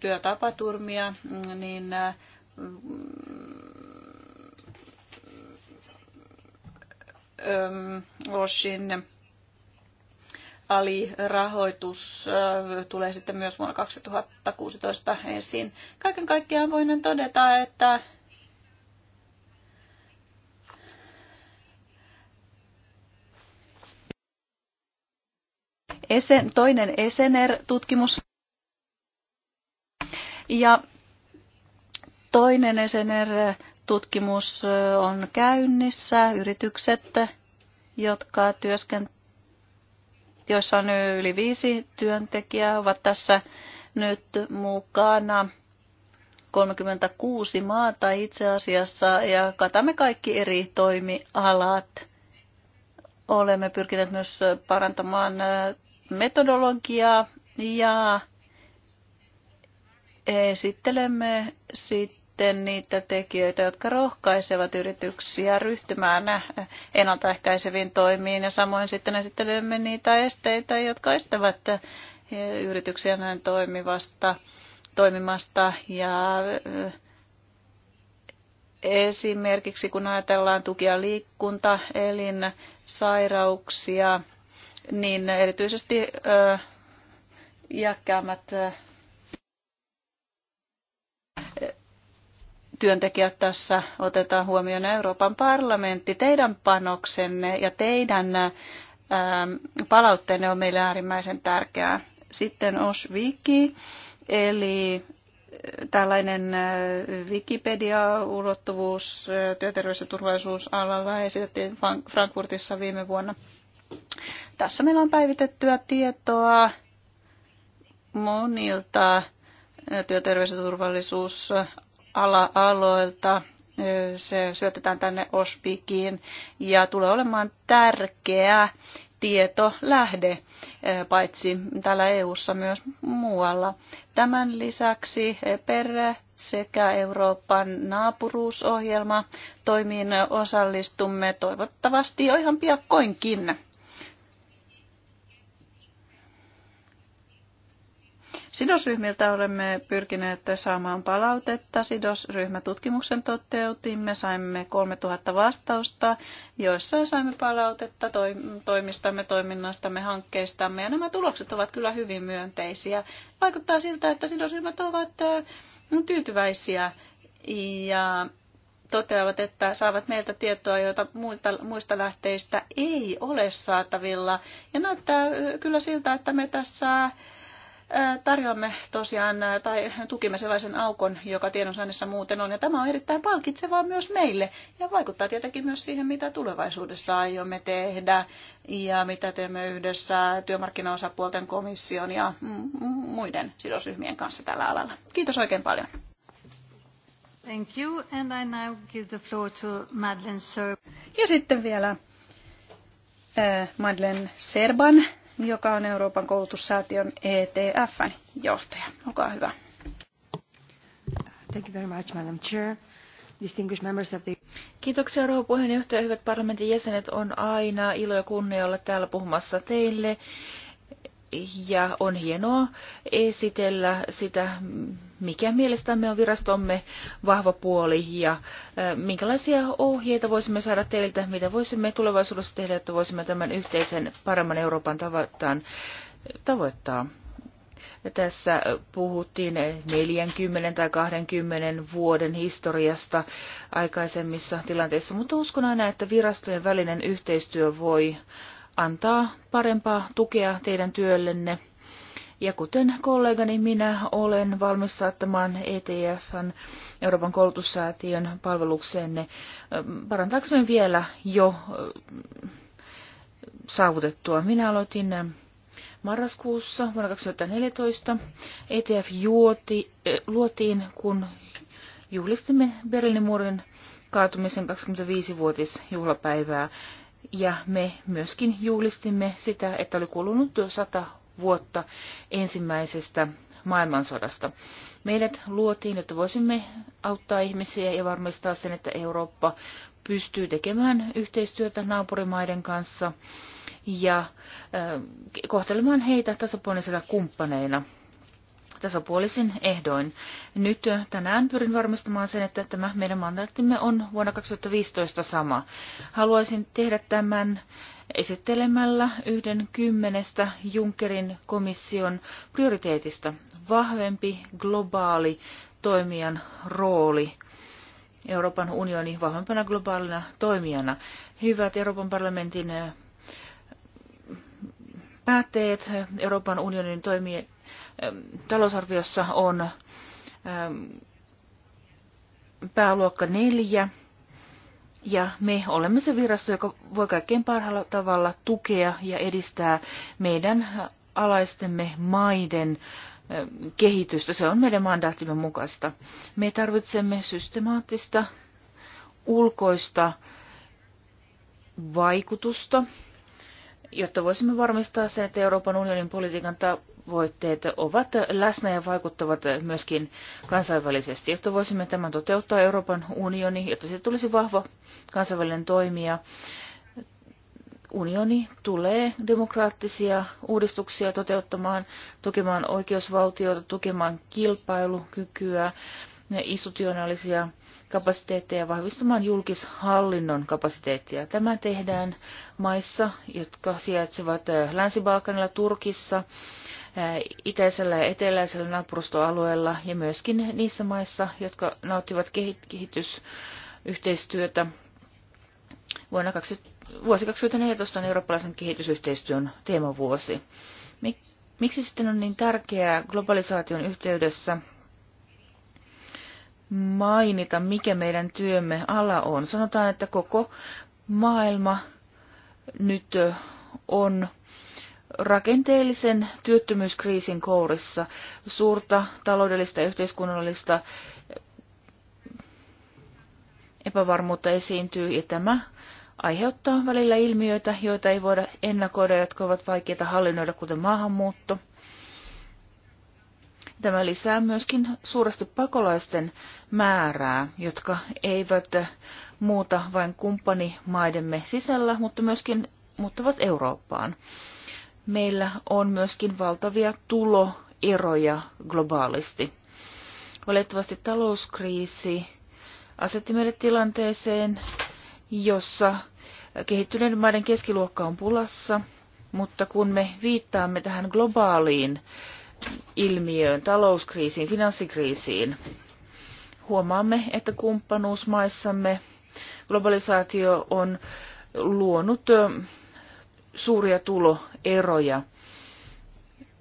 työtapaturmia, niin mm, Oshin alirahoitus tulee sitten myös vuonna 2016 esiin. Kaiken kaikkiaan voin todeta, että Esen, toinen Esener-tutkimus ja toinen Esener-tutkimus on käynnissä. Yritykset, jotka työskentelevät joissa on yli viisi työntekijää, ovat tässä nyt mukana. 36 maata itse asiassa ja katamme kaikki eri toimialat. Olemme pyrkineet myös parantamaan metodologiaa ja esittelemme sitten sitten niitä tekijöitä, jotka rohkaisevat yrityksiä ryhtymään ennaltaehkäiseviin toimiin ja samoin sitten esittelemme niitä esteitä, jotka estävät yrityksiä näin toimivasta, toimimasta ja esimerkiksi kun ajatellaan tukia liikkunta, liikkunta, sairauksia niin erityisesti iäkkäämmät työntekijät tässä otetaan huomioon. Euroopan parlamentti, teidän panoksenne ja teidän ähm, palautteenne on meille äärimmäisen tärkeää. Sitten oswiki eli äh, tällainen äh, Wikipedia-ulottuvuus äh, työterveys- ja turvallisuusalalla esitettiin Frankfurtissa viime vuonna. Tässä meillä on päivitettyä tietoa monilta työterveys- ja turvallisuus ala-aloilta. Se syötetään tänne Ospikiin ja tulee olemaan tärkeä tietolähde paitsi täällä EU:ssa myös muualla. Tämän lisäksi EPER sekä Euroopan naapuruusohjelma toimiin osallistumme toivottavasti jo ihan piakkoinkin. Sidosryhmiltä olemme pyrkineet saamaan palautetta. Sidosryhmätutkimuksen toteutimme, saimme 3000 vastausta, joissa saimme palautetta toimistamme, toiminnastamme, hankkeistamme. Ja nämä tulokset ovat kyllä hyvin myönteisiä. Vaikuttaa siltä, että sidosryhmät ovat mm, tyytyväisiä ja toteavat, että saavat meiltä tietoa, joita muilta, muista lähteistä ei ole saatavilla. Ja näyttää kyllä siltä, että me tässä tarjoamme tosiaan tai tukimme sellaisen aukon, joka tiedonsaannissa muuten on. Ja tämä on erittäin palkitsevaa myös meille ja vaikuttaa tietenkin myös siihen, mitä tulevaisuudessa aiomme tehdä ja mitä teemme yhdessä työmarkkinaosapuolten komission ja muiden sidosryhmien kanssa tällä alalla. Kiitos oikein paljon. Thank you, and I now give the floor to Madeleine Ja sitten vielä äh, Madeleine Serban joka on Euroopan koulutussäätiön ETFn johtaja. Olkaa hyvä. Thank you very much, Madam Chair. Distinguished members of the... Kiitoksia rouva puheenjohtaja. Hyvät parlamentin jäsenet, on aina ilo ja kunnia olla täällä puhumassa teille ja on hienoa esitellä sitä, mikä mielestämme on virastomme vahva puoli ja äh, minkälaisia ohjeita voisimme saada teiltä, mitä voisimme tulevaisuudessa tehdä, että voisimme tämän yhteisen paremman Euroopan äh, tavoittaa. tavoittaa. Tässä puhuttiin 40 tai 20 vuoden historiasta aikaisemmissa tilanteissa, mutta uskon aina, että virastojen välinen yhteistyö voi antaa parempaa tukea teidän työllenne. Ja kuten kollegani, minä olen valmis saattamaan ETFn Euroopan koulutussäätiön palvelukseenne parantaaksemme vielä jo saavutettua. Minä aloitin marraskuussa vuonna 2014. ETF juoti, luotiin, kun juhlistimme Berliinin muurin kaatumisen 25-vuotisjuhlapäivää ja me myöskin juhlistimme sitä, että oli kulunut jo sata vuotta ensimmäisestä maailmansodasta. Meidät luotiin, että voisimme auttaa ihmisiä ja varmistaa sen, että Eurooppa pystyy tekemään yhteistyötä naapurimaiden kanssa ja kohtelemaan heitä tasapuolisena kumppaneina tasapuolisin ehdoin. Nyt tänään pyrin varmistamaan sen, että tämä meidän mandaattimme on vuonna 2015 sama. Haluaisin tehdä tämän esittelemällä yhden kymmenestä Junckerin komission prioriteetista vahvempi globaali toimijan rooli. Euroopan unioni vahvempana globaalina toimijana. Hyvät Euroopan parlamentin päätteet, Euroopan unionin toimien talousarviossa on pääluokka neljä. Ja me olemme se virasto, joka voi kaikkein parhaalla tavalla tukea ja edistää meidän alaistemme maiden kehitystä. Se on meidän mandaattimme mukaista. Me tarvitsemme systemaattista ulkoista vaikutusta jotta voisimme varmistaa sen, että Euroopan unionin politiikan tavoitteet ovat läsnä ja vaikuttavat myöskin kansainvälisesti, jotta voisimme tämän toteuttaa Euroopan unioni, jotta se tulisi vahva kansainvälinen toimija. Unioni tulee demokraattisia uudistuksia toteuttamaan, tukemaan oikeusvaltiota, tukemaan kilpailukykyä, institutionaalisia kapasiteetteja vahvistamaan julkishallinnon kapasiteettia. Tämä tehdään maissa, jotka sijaitsevat eh, Länsi-Balkanilla, Turkissa, eh, itäisellä ja eteläisellä naapurustoalueella ja myöskin niissä maissa, jotka nauttivat kehitysyhteistyötä. Vuonna 20, vuosi 2014 on eurooppalaisen kehitysyhteistyön teemavuosi. Miksi sitten on niin tärkeää globalisaation yhteydessä – mainita, mikä meidän työmme ala on. Sanotaan, että koko maailma nyt on rakenteellisen työttömyyskriisin kourissa. Suurta taloudellista ja yhteiskunnallista epävarmuutta esiintyy ja tämä aiheuttaa välillä ilmiöitä, joita ei voida ennakoida, jotka ovat vaikeita hallinnoida, kuten maahanmuutto – Tämä lisää myöskin suuresti pakolaisten määrää, jotka eivät muuta vain kumppanimaidemme sisällä, mutta myöskin muuttavat Eurooppaan. Meillä on myöskin valtavia tuloeroja globaalisti. Valitettavasti talouskriisi asetti meidät tilanteeseen, jossa kehittyneiden maiden keskiluokka on pulassa, mutta kun me viittaamme tähän globaaliin ilmiöön, talouskriisiin, finanssikriisiin. Huomaamme, että kumppanuusmaissamme globalisaatio on luonut suuria tuloeroja.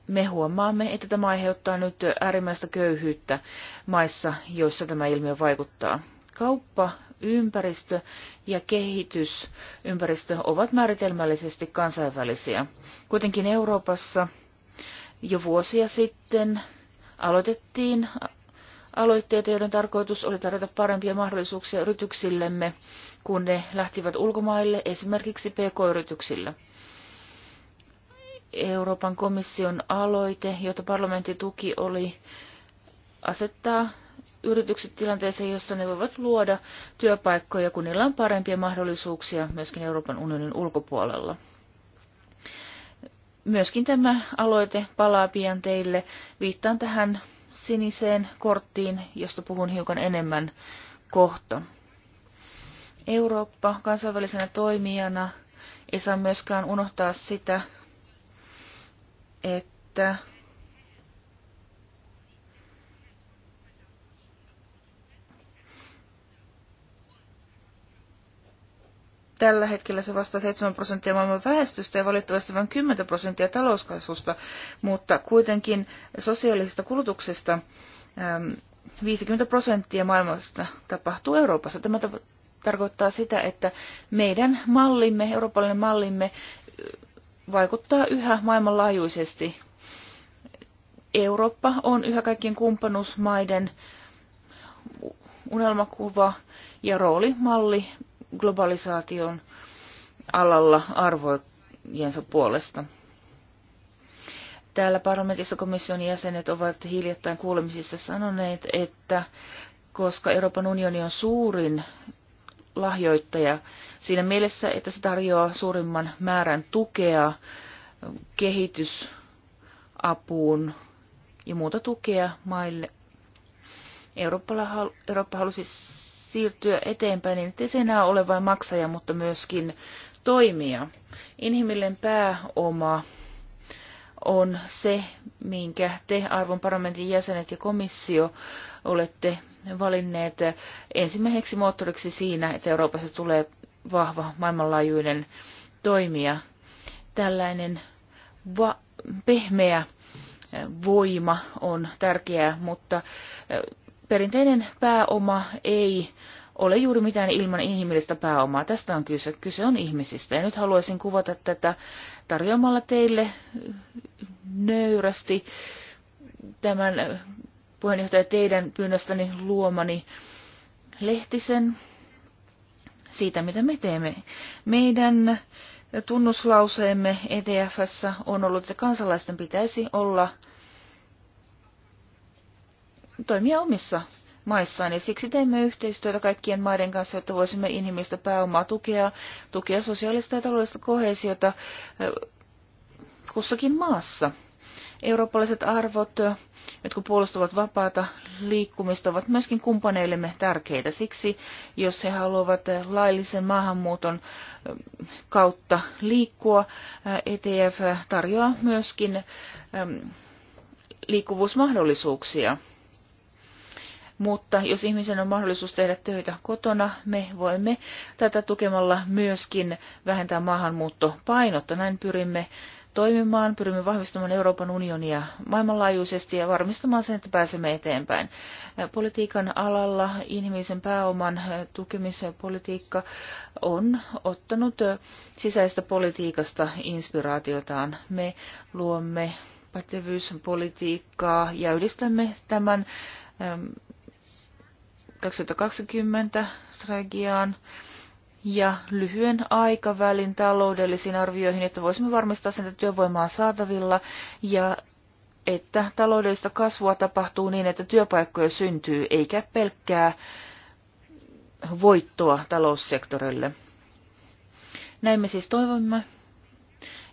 Me huomaamme, että tämä aiheuttaa nyt äärimmäistä köyhyyttä maissa, joissa tämä ilmiö vaikuttaa. Kauppa, ympäristö ja kehitysympäristö ovat määritelmällisesti kansainvälisiä. Kuitenkin Euroopassa – jo vuosia sitten aloitettiin aloitteita, joiden tarkoitus oli tarjota parempia mahdollisuuksia yrityksillemme, kun ne lähtivät ulkomaille, esimerkiksi pk yrityksillä Euroopan komission aloite, jota parlamentti tuki, oli asettaa yritykset tilanteeseen, jossa ne voivat luoda työpaikkoja, kun niillä on parempia mahdollisuuksia myöskin Euroopan unionin ulkopuolella myöskin tämä aloite palaa pian teille. Viittaan tähän siniseen korttiin, josta puhun hiukan enemmän kohta. Eurooppa kansainvälisenä toimijana ei saa myöskään unohtaa sitä, että Tällä hetkellä se vastaa 7 prosenttia maailman väestöstä ja valitettavasti vain 10 prosenttia talouskasvusta, mutta kuitenkin sosiaalisesta kulutuksesta 50 prosenttia maailmasta tapahtuu Euroopassa. Tämä tarkoittaa sitä, että meidän mallimme, eurooppalainen mallimme, vaikuttaa yhä maailmanlaajuisesti. Eurooppa on yhä kaikkien kumppanuusmaiden unelmakuva ja roolimalli globalisaation alalla arvojensa puolesta. Täällä parlamentissa komission jäsenet ovat hiljattain kuulemisissa sanoneet, että koska Euroopan unioni on suurin lahjoittaja siinä mielessä, että se tarjoaa suurimman määrän tukea kehitysapuun ja muuta tukea maille. Eurooppa, halusi siirtyä eteenpäin, niin ettei se enää ole vain maksaja, mutta myöskin toimija. Inhimillinen pääoma on se, minkä te arvon parlamentin jäsenet ja komissio olette valinneet ensimmäiseksi moottoriksi siinä, että Euroopassa tulee vahva maailmanlaajuinen toimija. Tällainen pehmeä voima on tärkeää, mutta perinteinen pääoma ei ole juuri mitään ilman inhimillistä pääomaa. Tästä on kyse. Kyse on ihmisistä. Ja nyt haluaisin kuvata tätä tarjoamalla teille nöyrästi tämän puheenjohtaja teidän pyynnöstäni luomani lehtisen siitä, mitä me teemme. Meidän tunnuslauseemme ETFssä on ollut, että kansalaisten pitäisi olla – toimia omissa maissaan. Ja siksi teemme yhteistyötä kaikkien maiden kanssa, jotta voisimme inhimillistä pääomaa tukea, tukea sosiaalista ja taloudellista kohesiota kussakin maassa. Eurooppalaiset arvot, jotka puolustavat vapaata liikkumista, ovat myöskin kumppaneillemme tärkeitä. Siksi, jos he haluavat laillisen maahanmuuton kautta liikkua, ETF tarjoaa myöskin liikkuvuusmahdollisuuksia mutta jos ihmisen on mahdollisuus tehdä töitä kotona, me voimme tätä tukemalla myöskin vähentää maahanmuuttopainotta. Näin pyrimme toimimaan, pyrimme vahvistamaan Euroopan unionia maailmanlaajuisesti ja varmistamaan sen, että pääsemme eteenpäin. Politiikan alalla inhimillisen pääoman tukemispolitiikka on ottanut sisäistä politiikasta inspiraatiotaan. Me luomme pätevyyspolitiikkaa ja yhdistämme tämän 2020 strategiaan ja lyhyen aikavälin taloudellisiin arvioihin, että voisimme varmistaa sen, että työvoimaa on saatavilla ja että taloudellista kasvua tapahtuu niin, että työpaikkoja syntyy eikä pelkkää voittoa taloussektorille. Näin me siis toivomme.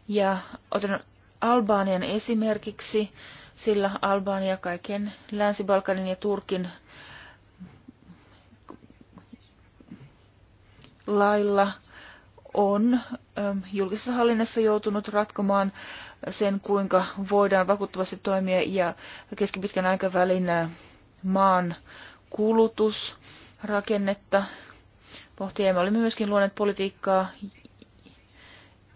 Ja otan Albanian esimerkiksi, sillä Albania kaiken Länsi-Balkanin ja Turkin lailla on ähm, julkisessa hallinnassa joutunut ratkomaan sen, kuinka voidaan vakuuttavasti toimia ja keskipitkän aikavälin äh, maan kulutusrakennetta pohtia. Me olemme myöskin luoneet politiikkaa,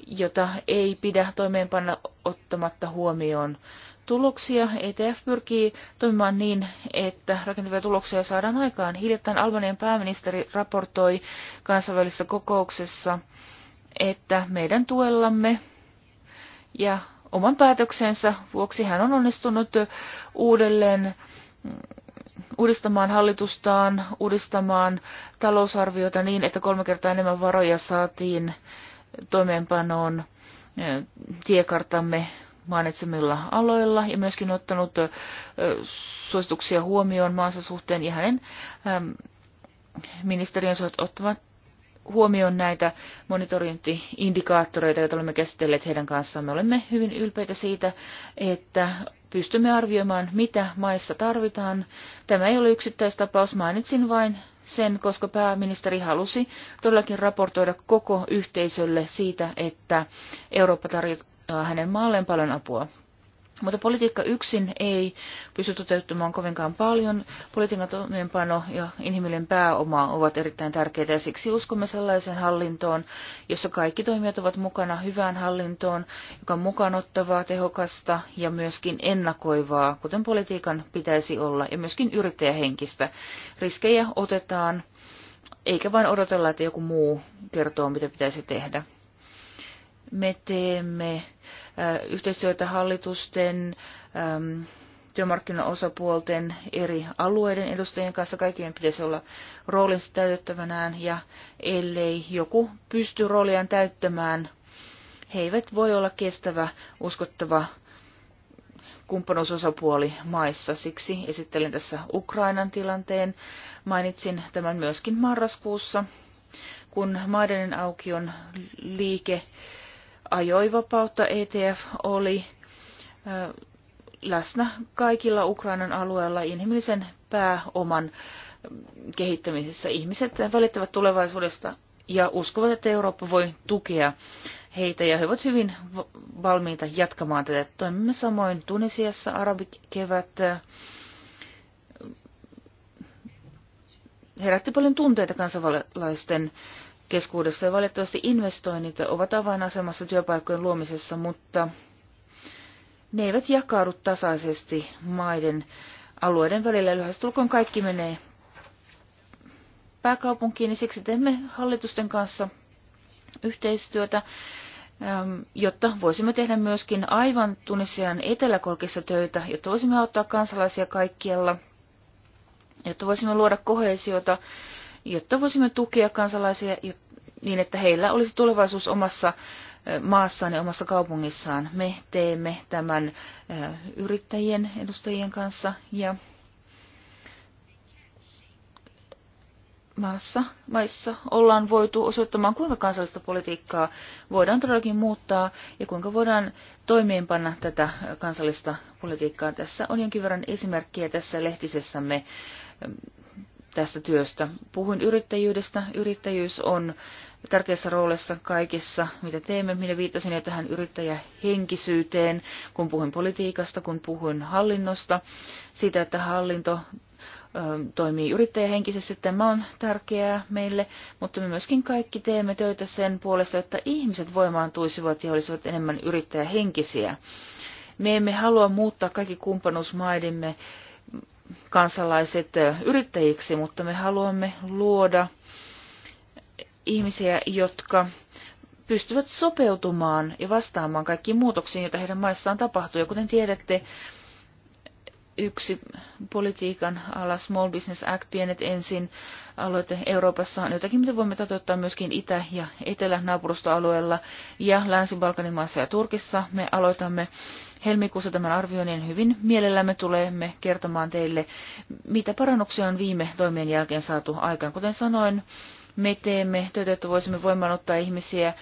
jota ei pidä toimeenpanna ottamatta huomioon tuloksia. ETF pyrkii toimimaan niin, että rakentavia tuloksia saadaan aikaan. Hiljattain Albanian pääministeri raportoi kansainvälisessä kokouksessa, että meidän tuellamme ja oman päätöksensä vuoksi hän on onnistunut uudelleen uudistamaan hallitustaan, uudistamaan talousarviota niin, että kolme kertaa enemmän varoja saatiin toimeenpanoon tiekartamme mainitsemilla aloilla ja myöskin ottanut suosituksia huomioon maansa suhteen ja hänen ministeriönsä ottavat huomioon näitä monitorointiindikaattoreita, joita olemme käsitelleet heidän kanssaan. Me olemme hyvin ylpeitä siitä, että pystymme arvioimaan, mitä maissa tarvitaan. Tämä ei ole yksittäistapaus, mainitsin vain sen, koska pääministeri halusi todellakin raportoida koko yhteisölle siitä, että Eurooppa tarjoaa hänen maalleen paljon apua. Mutta politiikka yksin ei pysty toteuttamaan kovinkaan paljon. Politiikan toimeenpano ja inhimillinen pääoma ovat erittäin tärkeitä ja siksi uskomme sellaiseen hallintoon, jossa kaikki toimijat ovat mukana hyvään hallintoon, joka on mukaanottavaa, tehokasta ja myöskin ennakoivaa, kuten politiikan pitäisi olla, ja myöskin yrittäjähenkistä. Riskejä otetaan, eikä vain odotella, että joku muu kertoo, mitä pitäisi tehdä. Me teemme yhteistyötä hallitusten, työmarkkinaosapuolten, eri alueiden edustajien kanssa. Kaikkien pitäisi olla roolinsa täytettävänään ja ellei joku pysty rooliaan täyttämään, he eivät voi olla kestävä, uskottava kumppanuusosapuoli maissa. Siksi esittelen tässä Ukrainan tilanteen. Mainitsin tämän myöskin marraskuussa, kun maiden aukion liike ajoi vapautta. ETF oli läsnä kaikilla Ukrainan alueella inhimillisen pääoman kehittämisessä. Ihmiset välittävät tulevaisuudesta ja uskovat, että Eurooppa voi tukea heitä ja he ovat hyvin valmiita jatkamaan tätä. Toimimme samoin Tunisiassa arabikevät herätti paljon tunteita kansalaisten keskuudessa. Ja valitettavasti investoinnit ovat avainasemassa työpaikkojen luomisessa, mutta ne eivät jakaudu tasaisesti maiden alueiden välillä. Lyhästulkoon kaikki menee pääkaupunkiin, niin siksi teemme hallitusten kanssa yhteistyötä, ähm, jotta voisimme tehdä myöskin aivan Tunisian eteläkolkissa töitä, jotta voisimme auttaa kansalaisia kaikkialla, jotta voisimme luoda kohesiota jotta voisimme tukea kansalaisia niin, että heillä olisi tulevaisuus omassa maassaan ja omassa kaupungissaan. Me teemme tämän yrittäjien edustajien kanssa ja maassa, maissa ollaan voitu osoittamaan, kuinka kansallista politiikkaa voidaan todellakin muuttaa ja kuinka voidaan toimeenpanna tätä kansallista politiikkaa. Tässä on jonkin verran esimerkkiä tässä lehtisessämme tästä työstä. Puhuin yrittäjyydestä. Yrittäjyys on tärkeässä roolissa kaikessa, mitä teemme. Minä viittasin jo tähän yrittäjähenkisyyteen, kun puhuin politiikasta, kun puhuin hallinnosta, siitä, että hallinto toimii yrittäjähenkisesti. Tämä on tärkeää meille, mutta me myöskin kaikki teemme töitä sen puolesta, että ihmiset voimaantuisivat ja olisivat enemmän yrittäjähenkisiä. Me emme halua muuttaa kaikki kumppanuusmaidemme kansalaiset eh, yrittäjiksi, mutta me haluamme luoda ihmisiä, jotka pystyvät sopeutumaan ja vastaamaan kaikkiin muutoksiin, joita heidän maissaan tapahtuu. Ja kuten tiedätte, yksi politiikan ala Small Business Act, pienet ensin aloite Euroopassa on jotakin, mitä voimme toteuttaa myöskin Itä- ja Etelä-naapurustoalueella ja Länsi-Balkanin maassa ja Turkissa. Me aloitamme helmikuussa tämän arvioinnin hyvin mielellämme tulemme kertomaan teille, mitä parannuksia on viime toimien jälkeen saatu aikaan. Kuten sanoin, me teemme töitä, että voisimme voimaanottaa ihmisiä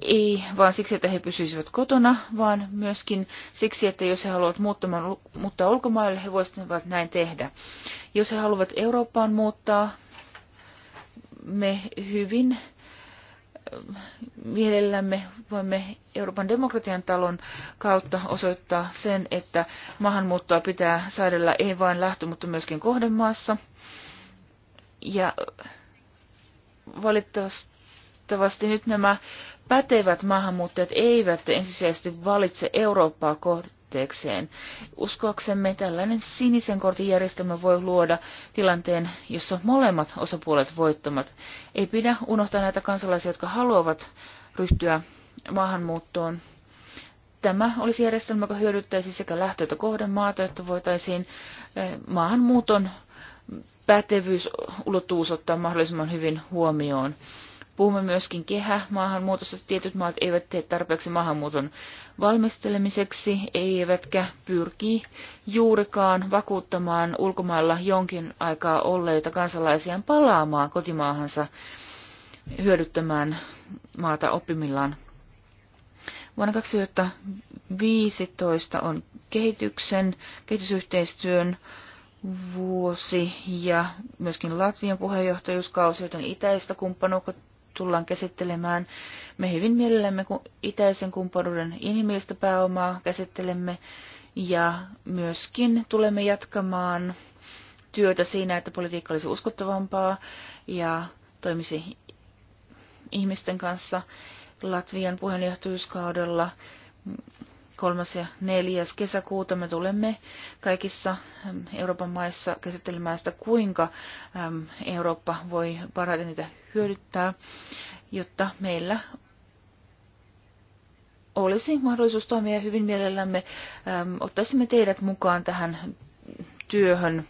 ei vaan siksi, että he pysyisivät kotona, vaan myöskin siksi, että jos he haluavat muuttamaan, muuttaa ulkomaille, he voisivat näin tehdä. Jos he haluavat Eurooppaan muuttaa, me hyvin mielellämme voimme Euroopan demokratian talon kautta osoittaa sen, että maahanmuuttoa pitää säädellä ei vain lähtö, mutta myöskin kohdemaassa. Ja Valitettavasti nyt nämä pätevät maahanmuuttajat eivät ensisijaisesti valitse Eurooppaa kohteekseen. Uskoaksemme tällainen sinisen kortin järjestelmä voi luoda tilanteen, jossa molemmat osapuolet voittamat. Ei pidä unohtaa näitä kansalaisia, jotka haluavat ryhtyä maahanmuuttoon. Tämä olisi järjestelmä, joka hyödyttäisi sekä lähtö- että maata, että voitaisiin eh, maahanmuuton pätevyysulottuvuus ottaa mahdollisimman hyvin huomioon. Puhumme myöskin kehä maahanmuutossa. Tietyt maat eivät tee tarpeeksi maahanmuuton valmistelemiseksi, eivätkä pyrki juurikaan vakuuttamaan ulkomailla jonkin aikaa olleita kansalaisiaan palaamaan kotimaahansa hyödyttämään maata oppimillaan. Vuonna 2015 on kehityksen, kehitysyhteistyön vuosi ja myöskin Latvian puheenjohtajuuskausi, joten itäistä kumppanuutta tullaan käsittelemään. Me hyvin mielellämme itäisen kumppanuuden inhimillistä pääomaa käsittelemme ja myöskin tulemme jatkamaan työtä siinä, että politiikka olisi uskottavampaa ja toimisi ihmisten kanssa Latvian puheenjohtajuuskaudella 3. ja 4. kesäkuuta me tulemme kaikissa Euroopan maissa käsittelemään sitä, kuinka Eurooppa voi parhaiten niitä hyödyttää, jotta meillä olisi mahdollisuus toimia hyvin mielellämme. Ottaisimme teidät mukaan tähän työhön.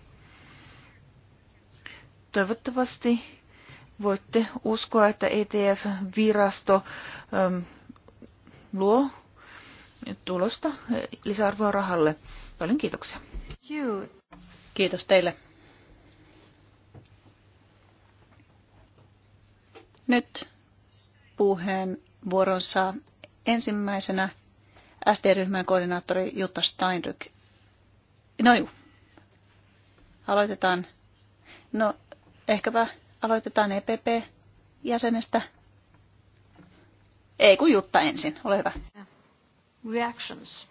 Toivottavasti voitte uskoa, että ETF-virasto luo tulosta eh, lisäarvoa rahalle. Paljon kiitoksia. Kiitos teille. Nyt puheen vuoronsa ensimmäisenä SD-ryhmän koordinaattori Jutta Steinryk. No juu. Aloitetaan. No, ehkäpä aloitetaan EPP-jäsenestä. Ei kun Jutta ensin. Ole hyvä. Reactions.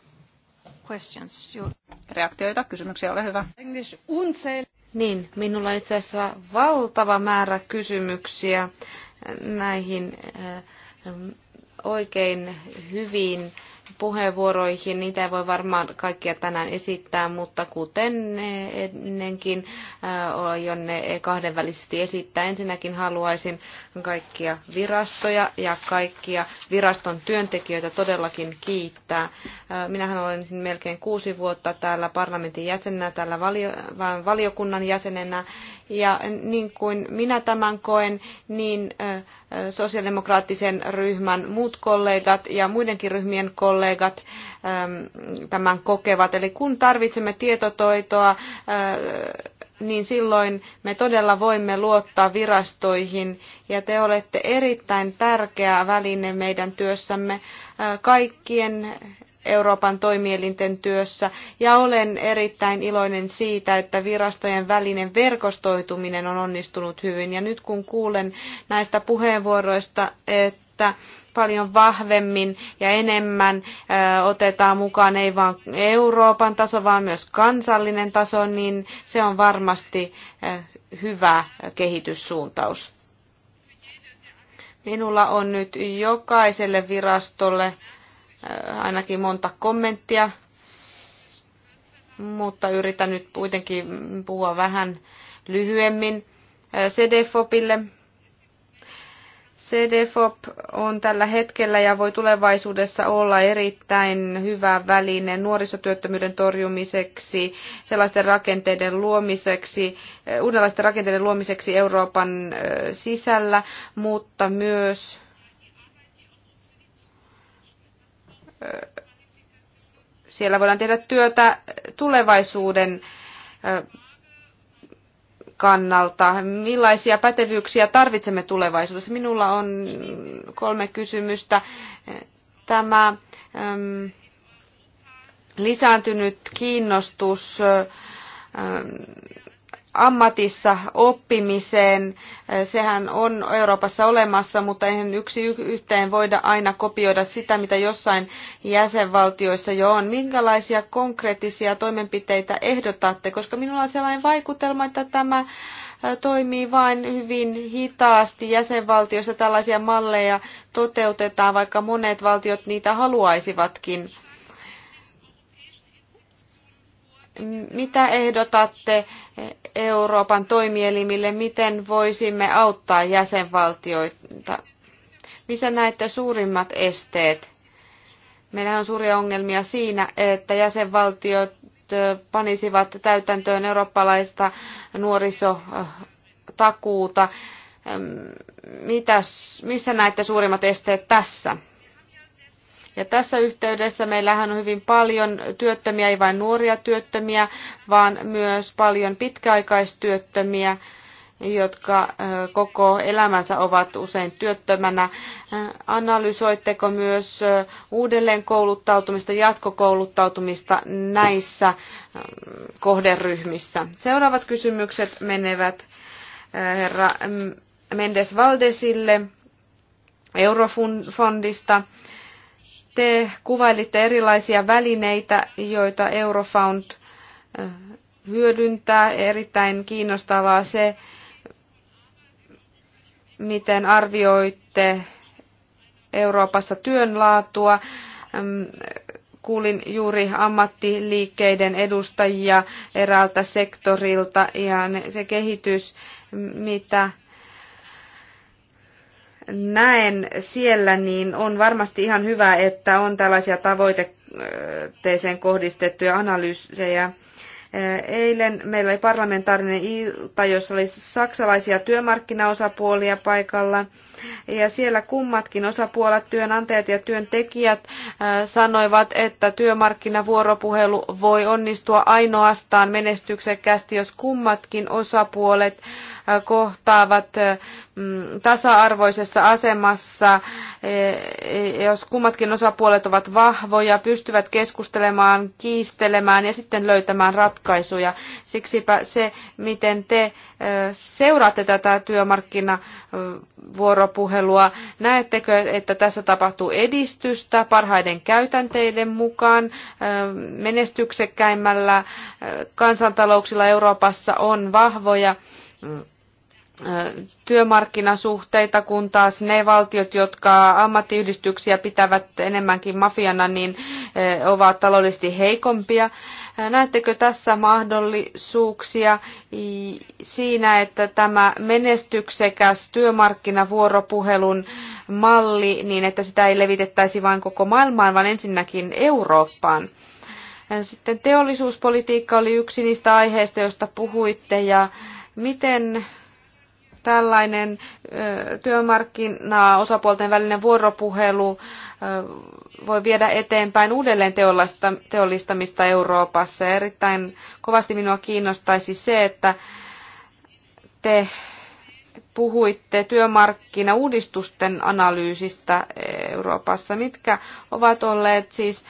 Questions. Reaktioita, kysymyksiä, ole hyvä. Niin, minulla on itse asiassa valtava määrä kysymyksiä näihin äh, oikein hyvin puheenvuoroihin. Niitä ei voi varmaan kaikkia tänään esittää, mutta kuten ennenkin jo äh, ne kahdenvälisesti esittää. Ensinnäkin haluaisin kaikkia virastoja ja kaikkia viraston työntekijöitä todellakin kiittää. Äh, minähän olen melkein kuusi vuotta täällä parlamentin jäsenenä, täällä valiokunnan jäsenenä ja niin kuin minä tämän koen, niin äh, sosiaalidemokraattisen ryhmän muut kollegat ja muidenkin ryhmien kollegat, kollegat ähm, tämän kokevat. Eli kun tarvitsemme tietotoitoa, äh, niin silloin me todella voimme luottaa virastoihin ja te olette erittäin tärkeä väline meidän työssämme äh, kaikkien Euroopan toimielinten työssä ja olen erittäin iloinen siitä, että virastojen välinen verkostoituminen on onnistunut hyvin. Ja nyt kun kuulen näistä puheenvuoroista, että että paljon vahvemmin ja enemmän otetaan mukaan ei vain Euroopan taso, vaan myös kansallinen taso, niin se on varmasti hyvä kehityssuuntaus. Minulla on nyt jokaiselle virastolle ainakin monta kommenttia, mutta yritän nyt kuitenkin puhua vähän lyhyemmin. CDFOPille CDFOP on tällä hetkellä ja voi tulevaisuudessa olla erittäin hyvä väline nuorisotyöttömyyden torjumiseksi, sellaisten rakenteiden luomiseksi, eh, uudenlaisten rakenteiden luomiseksi Euroopan eh, sisällä, mutta myös eh, siellä voidaan tehdä työtä tulevaisuuden kannalta. Millaisia pätevyyksiä tarvitsemme tulevaisuudessa? Minulla on kolme kysymystä. Tämä äm, lisääntynyt kiinnostus äm, ammatissa oppimiseen. Sehän on Euroopassa olemassa, mutta eihän yksi yhteen voida aina kopioida sitä, mitä jossain jäsenvaltioissa jo on. Minkälaisia konkreettisia toimenpiteitä ehdotatte? Koska minulla on sellainen vaikutelma, että tämä toimii vain hyvin hitaasti. Jäsenvaltioissa tällaisia malleja toteutetaan, vaikka monet valtiot niitä haluaisivatkin. mitä ehdotatte Euroopan toimielimille, miten voisimme auttaa jäsenvaltioita? Missä näette suurimmat esteet? Meillä on suuria ongelmia siinä, että jäsenvaltiot panisivat täytäntöön eurooppalaista nuorisotakuuta. Mitäs, missä näette suurimmat esteet tässä? Ja tässä yhteydessä meillähän on hyvin paljon työttömiä, ei vain nuoria työttömiä, vaan myös paljon pitkäaikaistyöttömiä, jotka koko elämänsä ovat usein työttömänä. Analysoitteko myös uudelleen kouluttautumista, jatkokouluttautumista näissä kohderyhmissä? Seuraavat kysymykset menevät herra Mendes Valdesille Eurofondista. Te kuvailitte erilaisia välineitä, joita Eurofound hyödyntää. Erittäin kiinnostavaa se, miten arvioitte Euroopassa työn laatua. Kuulin juuri ammattiliikkeiden edustajia eräältä sektorilta ja se kehitys, mitä näen siellä, niin on varmasti ihan hyvä, että on tällaisia tavoitteeseen kohdistettuja analyysejä. Eilen meillä oli parlamentaarinen ilta, jossa oli saksalaisia työmarkkinaosapuolia paikalla. Ja siellä kummatkin osapuolet, työnantajat ja työntekijät, äh, sanoivat, että työmarkkinavuoropuhelu voi onnistua ainoastaan menestyksekkäästi, jos kummatkin osapuolet äh, kohtaavat äh, mm, tasa-arvoisessa asemassa, jos kummatkin osapuolet ovat vahvoja, pystyvät keskustelemaan, kiistelemään ja sitten löytämään ratkaisuja. Siksipä se, miten te seuraatte tätä työmarkkinavuoropuhelua, vuoropuhelua. Näettekö, että tässä tapahtuu edistystä parhaiden käytänteiden mukaan? Menestyksekkäimmällä kansantalouksilla Euroopassa on vahvoja mm, työmarkkinasuhteita, kun taas ne valtiot, jotka ammattiyhdistyksiä pitävät enemmänkin mafiana, niin ovat taloudellisesti heikompia. Näettekö tässä mahdollisuuksia siinä, että tämä menestyksekäs työmarkkinavuoropuhelun malli, niin että sitä ei levitettäisi vain koko maailmaan, vaan ensinnäkin Eurooppaan? Sitten teollisuuspolitiikka oli yksi niistä aiheista, joista puhuitte, ja miten tällainen työmarkkina osapuolten välinen vuoropuhelu voi viedä eteenpäin uudelleen teollistamista Euroopassa. Ja erittäin kovasti minua kiinnostaisi se, että te puhuitte työmarkkinauudistusten analyysistä Euroopassa. Mitkä ovat olleet siis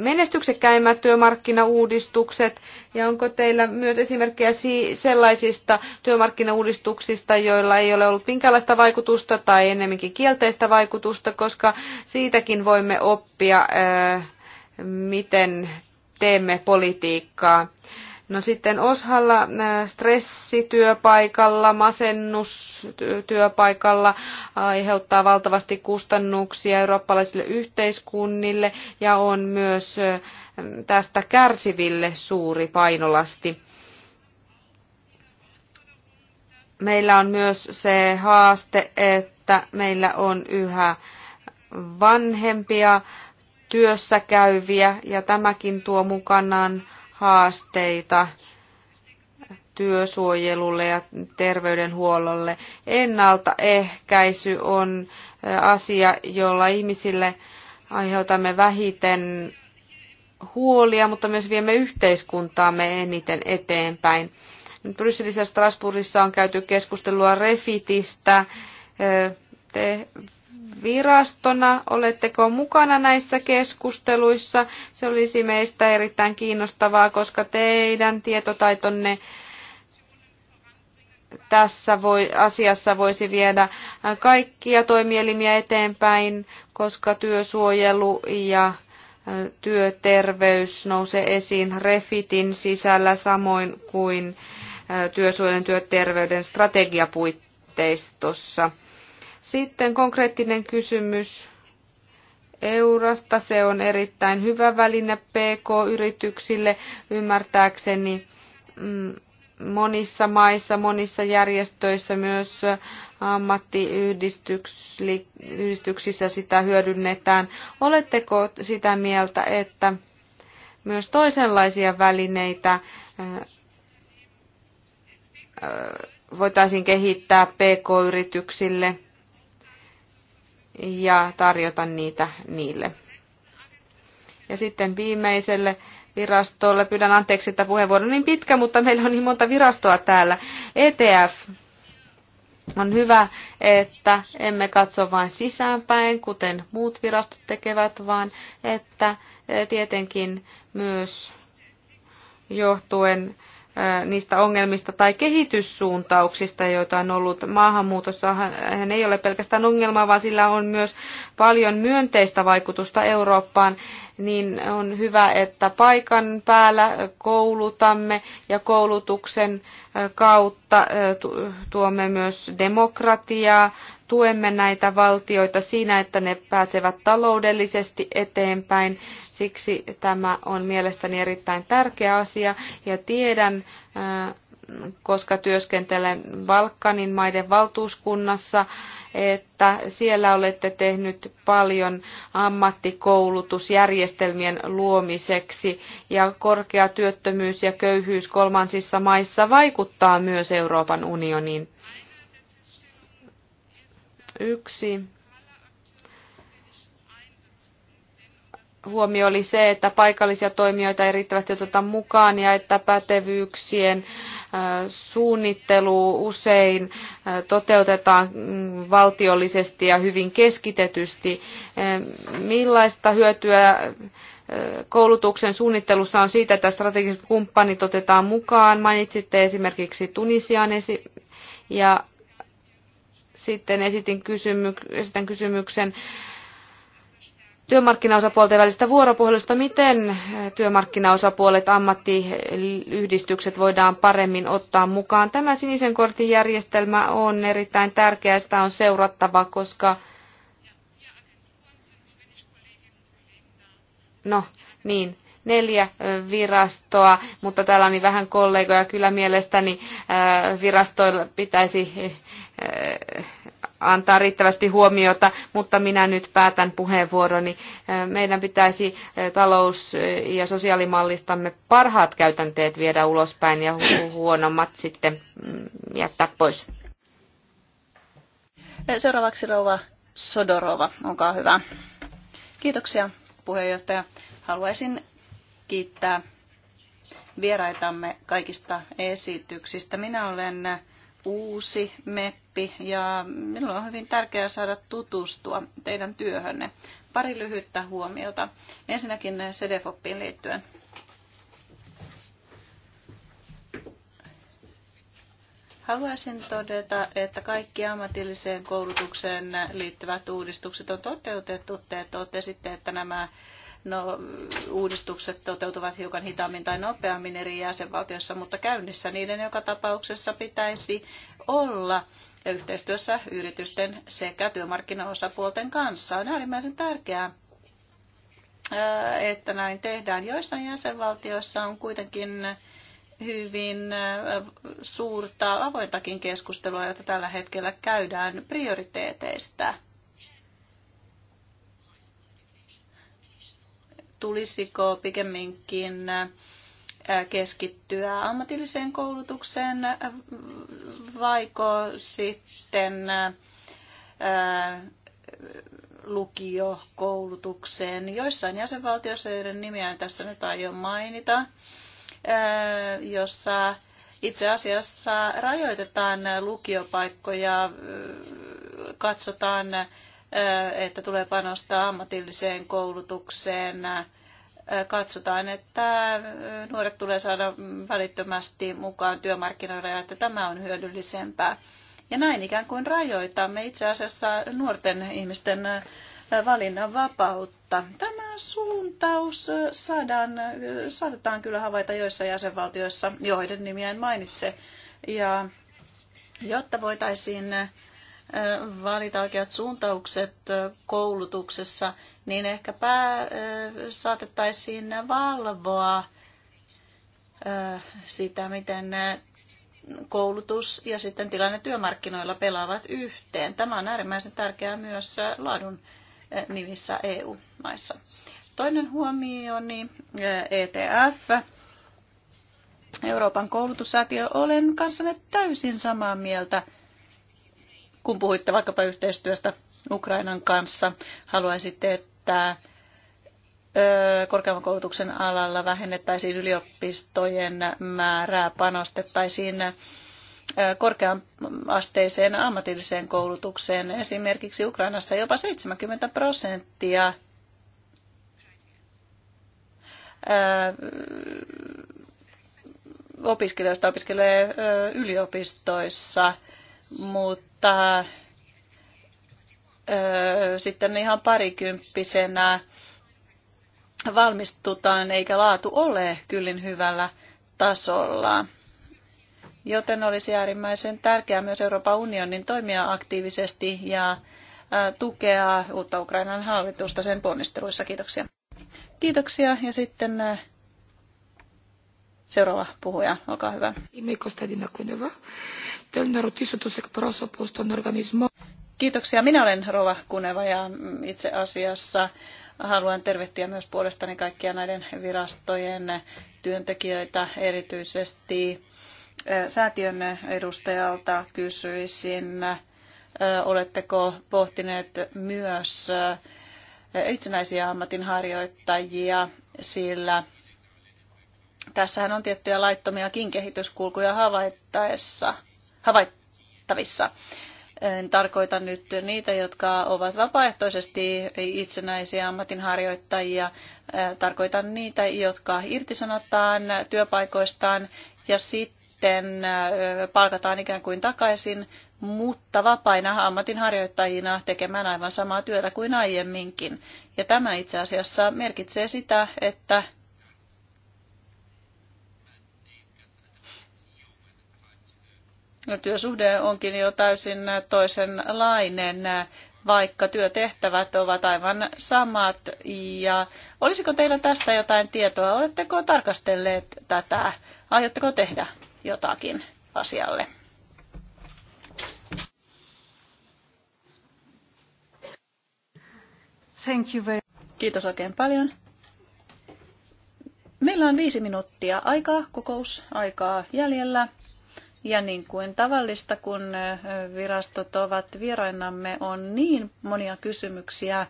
menestyksekkäimmät työmarkkinauudistukset ja onko teillä myös esimerkkejä sellaisista työmarkkinauudistuksista, joilla ei ole ollut minkäänlaista vaikutusta tai ennemminkin kielteistä vaikutusta, koska siitäkin voimme oppia, äh, miten teemme politiikkaa. No sitten Oshalla äh, stressityöpaikalla, masennus työpaikalla aiheuttaa valtavasti kustannuksia eurooppalaisille yhteiskunnille ja on myös äh, tästä kärsiville suuri painolasti. Meillä on myös se haaste, että meillä on yhä vanhempia työssä käyviä ja tämäkin tuo mukanaan haasteita työsuojelulle ja terveydenhuollolle. Ennaltaehkäisy on asia, jolla ihmisille aiheutamme vähiten huolia, mutta myös viemme yhteiskuntaamme eniten eteenpäin. Nyt Brysselissä ja Strasbourgissa on käyty keskustelua refitistä. Te virastona, oletteko mukana näissä keskusteluissa? Se olisi meistä erittäin kiinnostavaa, koska teidän tietotaitonne tässä voi, asiassa voisi viedä kaikkia toimielimiä eteenpäin, koska työsuojelu ja työterveys nousee esiin refitin sisällä samoin kuin työsuojelun työterveyden strategiapuitteistossa. Sitten konkreettinen kysymys Eurasta. Se on erittäin hyvä väline PK-yrityksille ymmärtääkseni. Mm, monissa maissa, monissa järjestöissä, myös ammattiyhdistyksissä sitä hyödynnetään. Oletteko sitä mieltä, että myös toisenlaisia välineitä voitaisiin kehittää PK-yrityksille? ja tarjota niitä niille. Ja sitten viimeiselle virastolle, pyydän anteeksi, että puheenvuoro on niin pitkä, mutta meillä on niin monta virastoa täällä. ETF, on hyvä, että emme katso vain sisäänpäin, kuten muut virastot tekevät, vaan että tietenkin myös johtuen niistä ongelmista tai kehityssuuntauksista, joita on ollut maahanmuutossa. Hän ei ole pelkästään ongelma, vaan sillä on myös paljon myönteistä vaikutusta Eurooppaan, niin on hyvä, että paikan päällä koulutamme ja koulutuksen kautta tuomme myös demokratiaa, tuemme näitä valtioita siinä, että ne pääsevät taloudellisesti eteenpäin. Siksi tämä on mielestäni erittäin tärkeä asia ja tiedän, koska työskentelen Balkanin maiden valtuuskunnassa, että siellä olette tehnyt paljon ammattikoulutusjärjestelmien luomiseksi ja korkea työttömyys ja köyhyys kolmansissa maissa vaikuttaa myös Euroopan unioniin. Yksi huomio oli se, että paikallisia toimijoita ei riittävästi oteta mukaan ja että pätevyyksien Suunnittelu usein äh, toteutetaan valtiollisesti ja hyvin keskitetysti. Äh, millaista hyötyä äh, koulutuksen suunnittelussa on siitä, että strategiset kumppanit otetaan mukaan. Mainitsitte esimerkiksi Tunisian esi- ja sitten esitin kysymy- esitän kysymyksen työmarkkinaosapuolten välistä vuoropuhelusta, miten eh, työmarkkinaosapuolet, ammattiyhdistykset voidaan paremmin ottaa mukaan. Tämä sinisen kortin järjestelmä on erittäin tärkeä, sitä on seurattava, koska no niin, neljä eh, virastoa, mutta täällä on niin vähän kollegoja. Kyllä mielestäni eh, virastoilla pitäisi antaa riittävästi huomiota, mutta minä nyt päätän puheenvuoroni. Meidän pitäisi talous- ja sosiaalimallistamme parhaat käytänteet viedä ulospäin ja huonommat sitten mm, jättää pois. Seuraavaksi rouva Sodorova, olkaa hyvä. Kiitoksia puheenjohtaja. Haluaisin kiittää vieraitamme kaikista esityksistä. Minä olen uusi meppi ja minulla on hyvin tärkeää saada tutustua teidän työhönne. Pari lyhyttä huomiota. Ensinnäkin CDFOPiin liittyen. Haluaisin todeta, että kaikki ammatilliseen koulutukseen liittyvät uudistukset on toteutettu. Te totesitte, että nämä no, uudistukset toteutuvat hiukan hitaammin tai nopeammin eri jäsenvaltioissa, mutta käynnissä niiden joka tapauksessa pitäisi olla yhteistyössä yritysten sekä työmarkkinaosapuolten kanssa. On äärimmäisen tärkeää, äh, että näin tehdään. Joissain jäsenvaltioissa on kuitenkin hyvin äh, suurta avointakin keskustelua, jota tällä hetkellä käydään prioriteeteista – tulisiko pikemminkin keskittyä ammatilliseen koulutukseen vaiko sitten lukiokoulutukseen. Joissain jäsenvaltioissa, joiden nimiä en tässä nyt aio mainita, jossa itse asiassa rajoitetaan lukiopaikkoja, katsotaan että tulee panostaa ammatilliseen koulutukseen. Katsotaan, että nuoret tulee saada välittömästi mukaan työmarkkinoille ja että tämä on hyödyllisempää. Ja näin ikään kuin rajoitamme itse asiassa nuorten ihmisten valinnan vapautta. Tämä suuntaus saadaan, saatetaan kyllä havaita joissa jäsenvaltioissa, joiden nimiä en mainitse. Ja jotta voitaisiin valita oikeat suuntaukset koulutuksessa, niin ehkä pää, saatettaisiin valvoa sitä, miten koulutus ja sitten tilanne työmarkkinoilla pelaavat yhteen. Tämä on äärimmäisen tärkeää myös laadun nimissä EU-maissa. Toinen huomio, niin ETF, Euroopan koulutussäätiö, olen kanssanne täysin samaa mieltä kun puhuitte vaikkapa yhteistyöstä Ukrainan kanssa, haluaisitte, että korkeamman koulutuksen alalla vähennettäisiin yliopistojen määrää, panostettaisiin korkean-asteiseen ammatilliseen koulutukseen. Esimerkiksi Ukrainassa jopa 70 prosenttia opiskelijoista opiskelee yliopistoissa – mutta sitten ihan parikymppisenä valmistutaan, eikä laatu ole kyllin hyvällä tasolla. Joten olisi äärimmäisen tärkeää myös Euroopan unionin toimia aktiivisesti ja tukea uutta Ukrainan hallitusta sen ponnisteluissa. Kiitoksia. Kiitoksia ja sitten Seuraava puhuja, olkaa hyvä. Kiitoksia. Minä olen Rova Kuneva ja itse asiassa haluan tervehtiä myös puolestani kaikkia näiden virastojen työntekijöitä, erityisesti säätiön edustajalta kysyisin, oletteko pohtineet myös itsenäisiä ammatinharjoittajia, sillä Tässähän on tiettyjä laittomiakin kehityskulkuja havaittaessa, havaittavissa. En tarkoita nyt niitä, jotka ovat vapaaehtoisesti itsenäisiä ammatinharjoittajia. Tarkoitan niitä, jotka irtisanotaan työpaikoistaan ja sitten palkataan ikään kuin takaisin, mutta vapaina ammatinharjoittajina tekemään aivan samaa työtä kuin aiemminkin. Ja tämä itse asiassa merkitsee sitä, että työsuhde onkin jo täysin toisenlainen, vaikka työtehtävät ovat aivan samat. Ja olisiko teillä tästä jotain tietoa? Oletteko tarkastelleet tätä? Aiotteko tehdä jotakin asialle? Thank you very Kiitos oikein paljon. Meillä on viisi minuuttia aikaa, kokousaikaa jäljellä. Ja niin kuin tavallista, kun virastot ovat vierainamme, on niin monia kysymyksiä,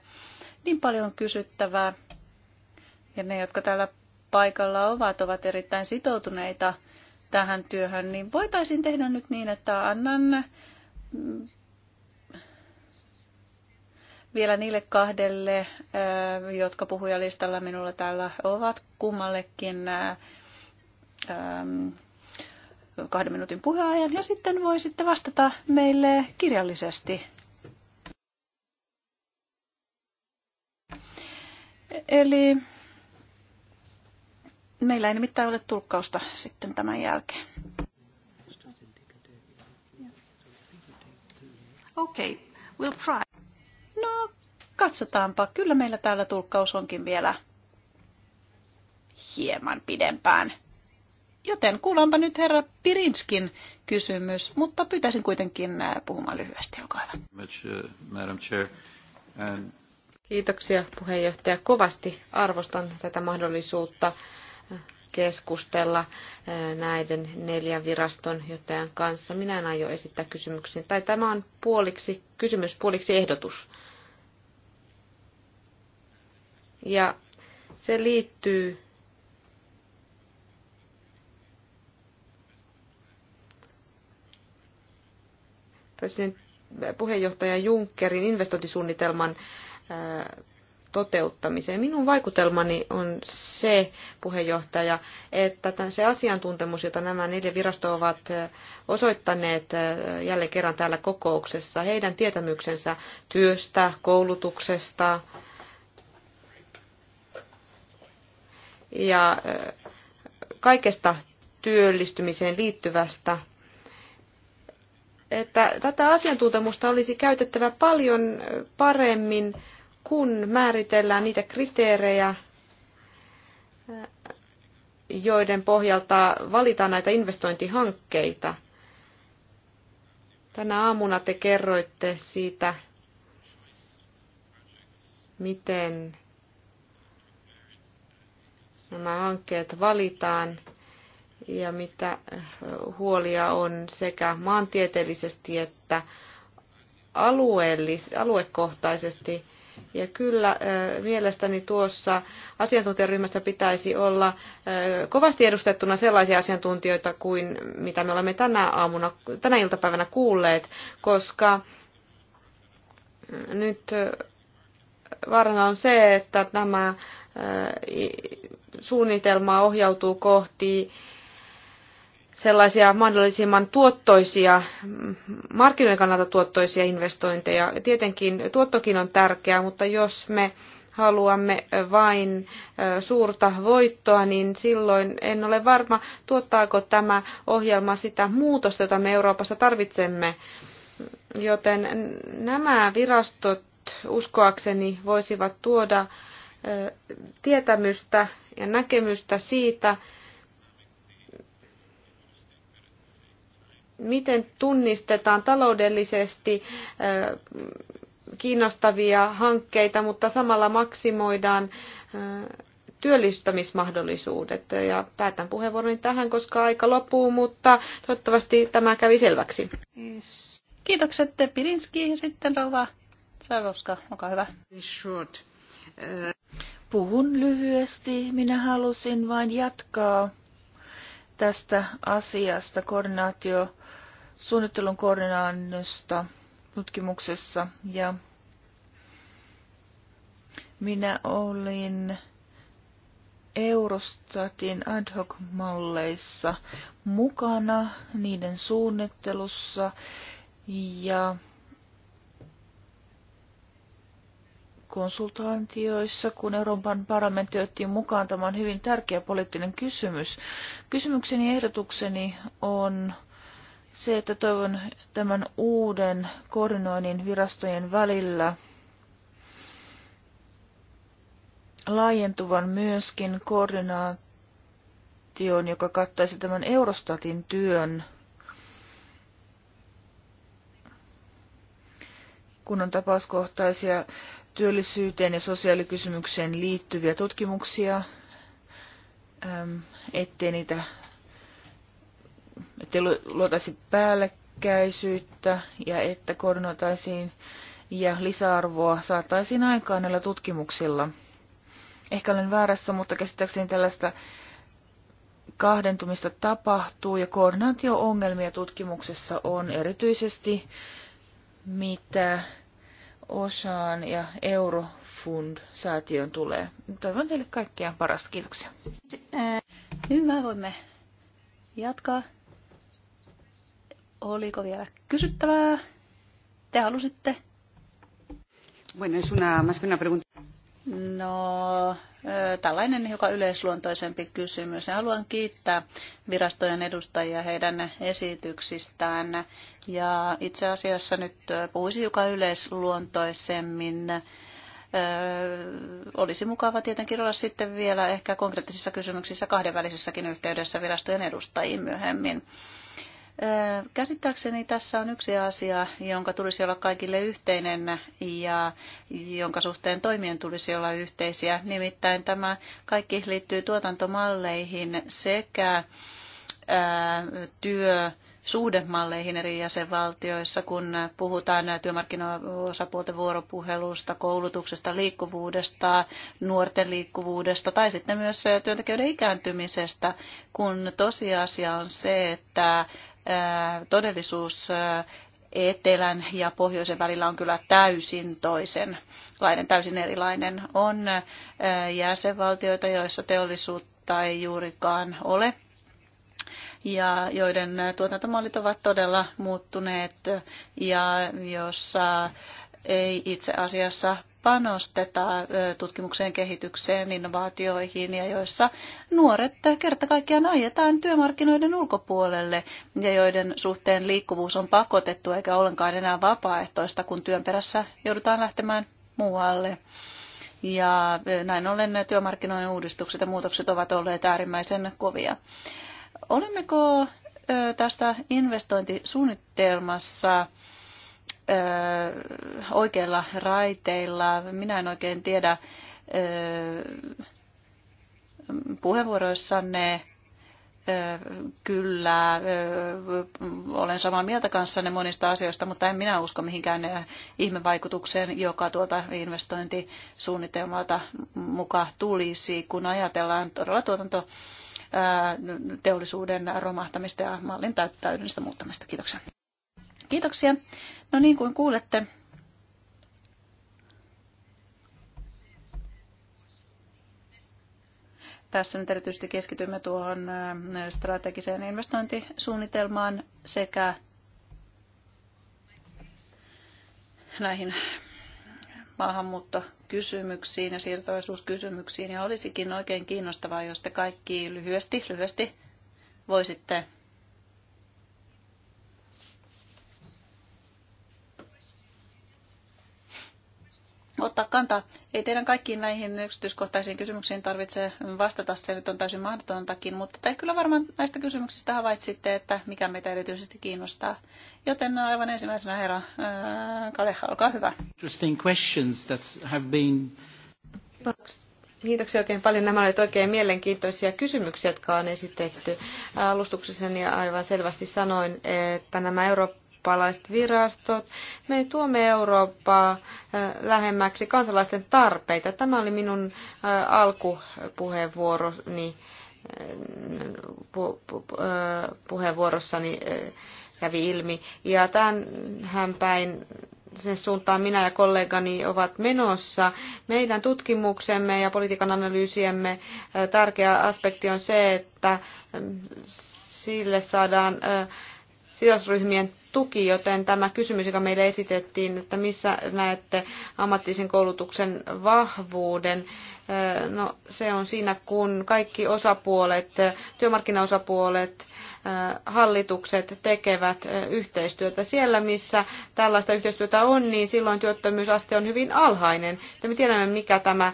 niin paljon kysyttävää. Ja ne, jotka täällä paikalla ovat, ovat erittäin sitoutuneita tähän työhön, niin voitaisiin tehdä nyt niin, että annan mm, vielä niille kahdelle, jotka puhujalistalla minulla täällä ovat, kummallekin kahden minuutin puheajan ja sitten voisitte vastata meille kirjallisesti. Eli meillä ei nimittäin ole tulkkausta sitten tämän jälkeen. Okei, okay, we'll try. No, katsotaanpa. Kyllä meillä täällä tulkkaus onkin vielä hieman pidempään. Joten kuullaanpa nyt herra Pirinskin kysymys, mutta pyytäisin kuitenkin äh, puhumaan lyhyesti, olkaa hyvä. Uh, Kiitoksia puheenjohtaja. Kovasti arvostan tätä mahdollisuutta äh, keskustella äh, näiden neljän viraston johtajan kanssa. Minä en aio esittää kysymyksiä. Tai tämä on puoliksi kysymys, puoliksi ehdotus. Ja se liittyy president, puheenjohtaja Junckerin investointisuunnitelman toteuttamiseen. Minun vaikutelmani on se, puheenjohtaja, että se asiantuntemus, jota nämä neljä virastoa ovat osoittaneet jälleen kerran täällä kokouksessa, heidän tietämyksensä työstä, koulutuksesta ja kaikesta työllistymiseen liittyvästä että tätä asiantuntemusta olisi käytettävä paljon paremmin, kun määritellään niitä kriteerejä, joiden pohjalta valitaan näitä investointihankkeita. Tänä aamuna te kerroitte siitä, miten nämä hankkeet valitaan ja mitä eh, huolia on sekä maantieteellisesti että alueellis- aluekohtaisesti. Ja kyllä eh, mielestäni tuossa asiantuntijaryhmässä pitäisi olla eh, kovasti edustettuna sellaisia asiantuntijoita kuin mitä me olemme tänä aamuna, tänä iltapäivänä kuulleet, koska nyt vaarana on se, että nämä suunnitelma ohjautuu kohti sellaisia mahdollisimman tuottoisia, markkinoiden kannalta tuottoisia investointeja. Tietenkin tuottokin on tärkeää, mutta jos me haluamme vain suurta voittoa, niin silloin en ole varma, tuottaako tämä ohjelma sitä muutosta, jota me Euroopassa tarvitsemme. Joten nämä virastot uskoakseni voisivat tuoda tietämystä ja näkemystä siitä, miten tunnistetaan taloudellisesti kiinnostavia hankkeita, mutta samalla maksimoidaan työllistämismahdollisuudet. Ja päätän puheenvuoroni tähän, koska aika loppuu, mutta toivottavasti tämä kävi selväksi. Kiitokset Pirinski ja sitten Rova Saivovska, olkaa hyvä. Short. Uh, Puhun lyhyesti. Minä halusin vain jatkaa tästä asiasta koordinaatio suunnittelun koordinaannosta tutkimuksessa ja minä olin Eurostatin ad hoc-malleissa mukana, niiden suunnittelussa ja konsultaantioissa, kun Euroopan parlamentti otti mukaan. Tämä on hyvin tärkeä poliittinen kysymys. Kysymykseni ehdotukseni on se, että toivon tämän uuden koordinoinnin virastojen välillä laajentuvan myöskin koordinaation, joka kattaisi tämän Eurostatin työn, kun on tapauskohtaisia työllisyyteen ja sosiaalikysymykseen liittyviä tutkimuksia, ettei niitä että luotaisi päällekkäisyyttä ja että koordinoitaisiin ja lisäarvoa saataisiin aikaan näillä tutkimuksilla. Ehkä olen väärässä, mutta käsittääkseni tällaista kahdentumista tapahtuu ja koordinaatio-ongelmia tutkimuksessa on erityisesti mitä osaan ja Eurofund-säätiön tulee. Toivon teille kaikkea parasta. Kiitoksia. Nyt voimme jatkaa Oliko vielä kysyttävää? Te halusitte? Bueno, es una, más que una pregunta. No, tällainen joka yleisluontoisempi kysymys. Ja haluan kiittää virastojen edustajia heidän esityksistään. Ja itse asiassa nyt puhuisin joka yleisluontoisemmin. Olisi mukava tietenkin olla sitten vielä ehkä konkreettisissa kysymyksissä kahdenvälisessäkin yhteydessä virastojen edustajiin myöhemmin. Käsittääkseni tässä on yksi asia, jonka tulisi olla kaikille yhteinen ja jonka suhteen toimien tulisi olla yhteisiä. Nimittäin tämä kaikki liittyy tuotantomalleihin sekä työ suhdemalleihin eri jäsenvaltioissa, kun puhutaan työmarkkinaosapuolten vuoropuhelusta, koulutuksesta, liikkuvuudesta, nuorten liikkuvuudesta tai sitten myös työntekijöiden ikääntymisestä, kun tosiasia on se, että todellisuus etelän ja pohjoisen välillä on kyllä täysin toisenlainen, täysin erilainen. On jäsenvaltioita, joissa teollisuutta ei juurikaan ole ja joiden tuotantomallit ovat todella muuttuneet ja jossa ei itse asiassa panosteta tutkimukseen, kehitykseen, innovaatioihin ja joissa nuoret kerta kaikkiaan ajetaan työmarkkinoiden ulkopuolelle ja joiden suhteen liikkuvuus on pakotettu eikä ollenkaan enää vapaaehtoista, kun työn perässä joudutaan lähtemään muualle. Ja näin ollen työmarkkinoiden uudistukset ja muutokset ovat olleet äärimmäisen kovia. Olemmeko tästä investointisuunnitelmassa oikeilla raiteilla. Minä en oikein tiedä puheenvuoroissanne kyllä, olen samaa mieltä kanssanne monista asioista, mutta en minä usko mihinkään ihmevaikutukseen, joka tuolta investointisuunnitelmalta muka tulisi, kun ajatellaan todella tuotanto teollisuuden romahtamista ja mallin täydellisestä muuttamista. Kiitoksia. Kiitoksia. No niin kuin kuulette, Tässä nyt erityisesti keskitymme tuohon strategiseen investointisuunnitelmaan sekä näihin maahanmuuttokysymyksiin ja siirtolaisuuskysymyksiin. Ja olisikin oikein kiinnostavaa, jos te kaikki lyhyesti, lyhyesti voisitte ottaa kantaa. Ei teidän kaikkiin näihin yksityiskohtaisiin kysymyksiin tarvitse vastata, se nyt on täysin mahdotontakin, mutta te kyllä varmaan näistä kysymyksistä havaitsitte, että mikä meitä erityisesti kiinnostaa. Joten aivan ensimmäisenä herra Kaleha, olkaa hyvä. Interesting questions that have been... Kiitoksia oikein paljon. Nämä olivat oikein mielenkiintoisia kysymyksiä, jotka on esitetty alustuksessani ja aivan selvästi sanoin, että nämä Euroopan eurooppalaiset virastot. Me tuomme Eurooppaa äh, lähemmäksi kansalaisten tarpeita. Tämä oli minun äh, alkupuheenvuoroni äh, puheenvuorossani kävi ilmi. Ja tämähän päin sen suuntaan minä ja kollegani ovat menossa. Meidän tutkimuksemme ja politiikan analyysiemme tärkeä aspekti on se, että sille saadaan sidosryhmien tuki, joten tämä kysymys, joka meille esitettiin, että missä näette ammatillisen koulutuksen vahvuuden, No, se on siinä, kun kaikki osapuolet, työmarkkinaosapuolet, hallitukset tekevät yhteistyötä. Siellä, missä tällaista yhteistyötä on, niin silloin työttömyysaste on hyvin alhainen. Ja me tiedämme, mikä tämä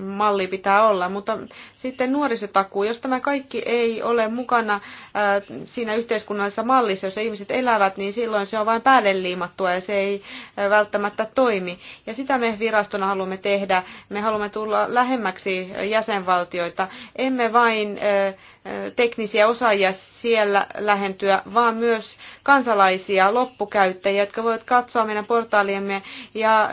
malli pitää olla. Mutta sitten nuorisotakuu, jos tämä kaikki ei ole mukana siinä yhteiskunnallisessa mallissa, jossa ihmiset elävät, niin silloin se on vain päälle liimattua ja se ei välttämättä toimi. Ja sitä me virastona haluamme tehdä. Me haluamme tulla lähemmäksi jäsenvaltioita, emme vain teknisiä osaajia siellä lähentyä, vaan myös kansalaisia, loppukäyttäjiä, jotka voivat katsoa meidän portaaliemme ja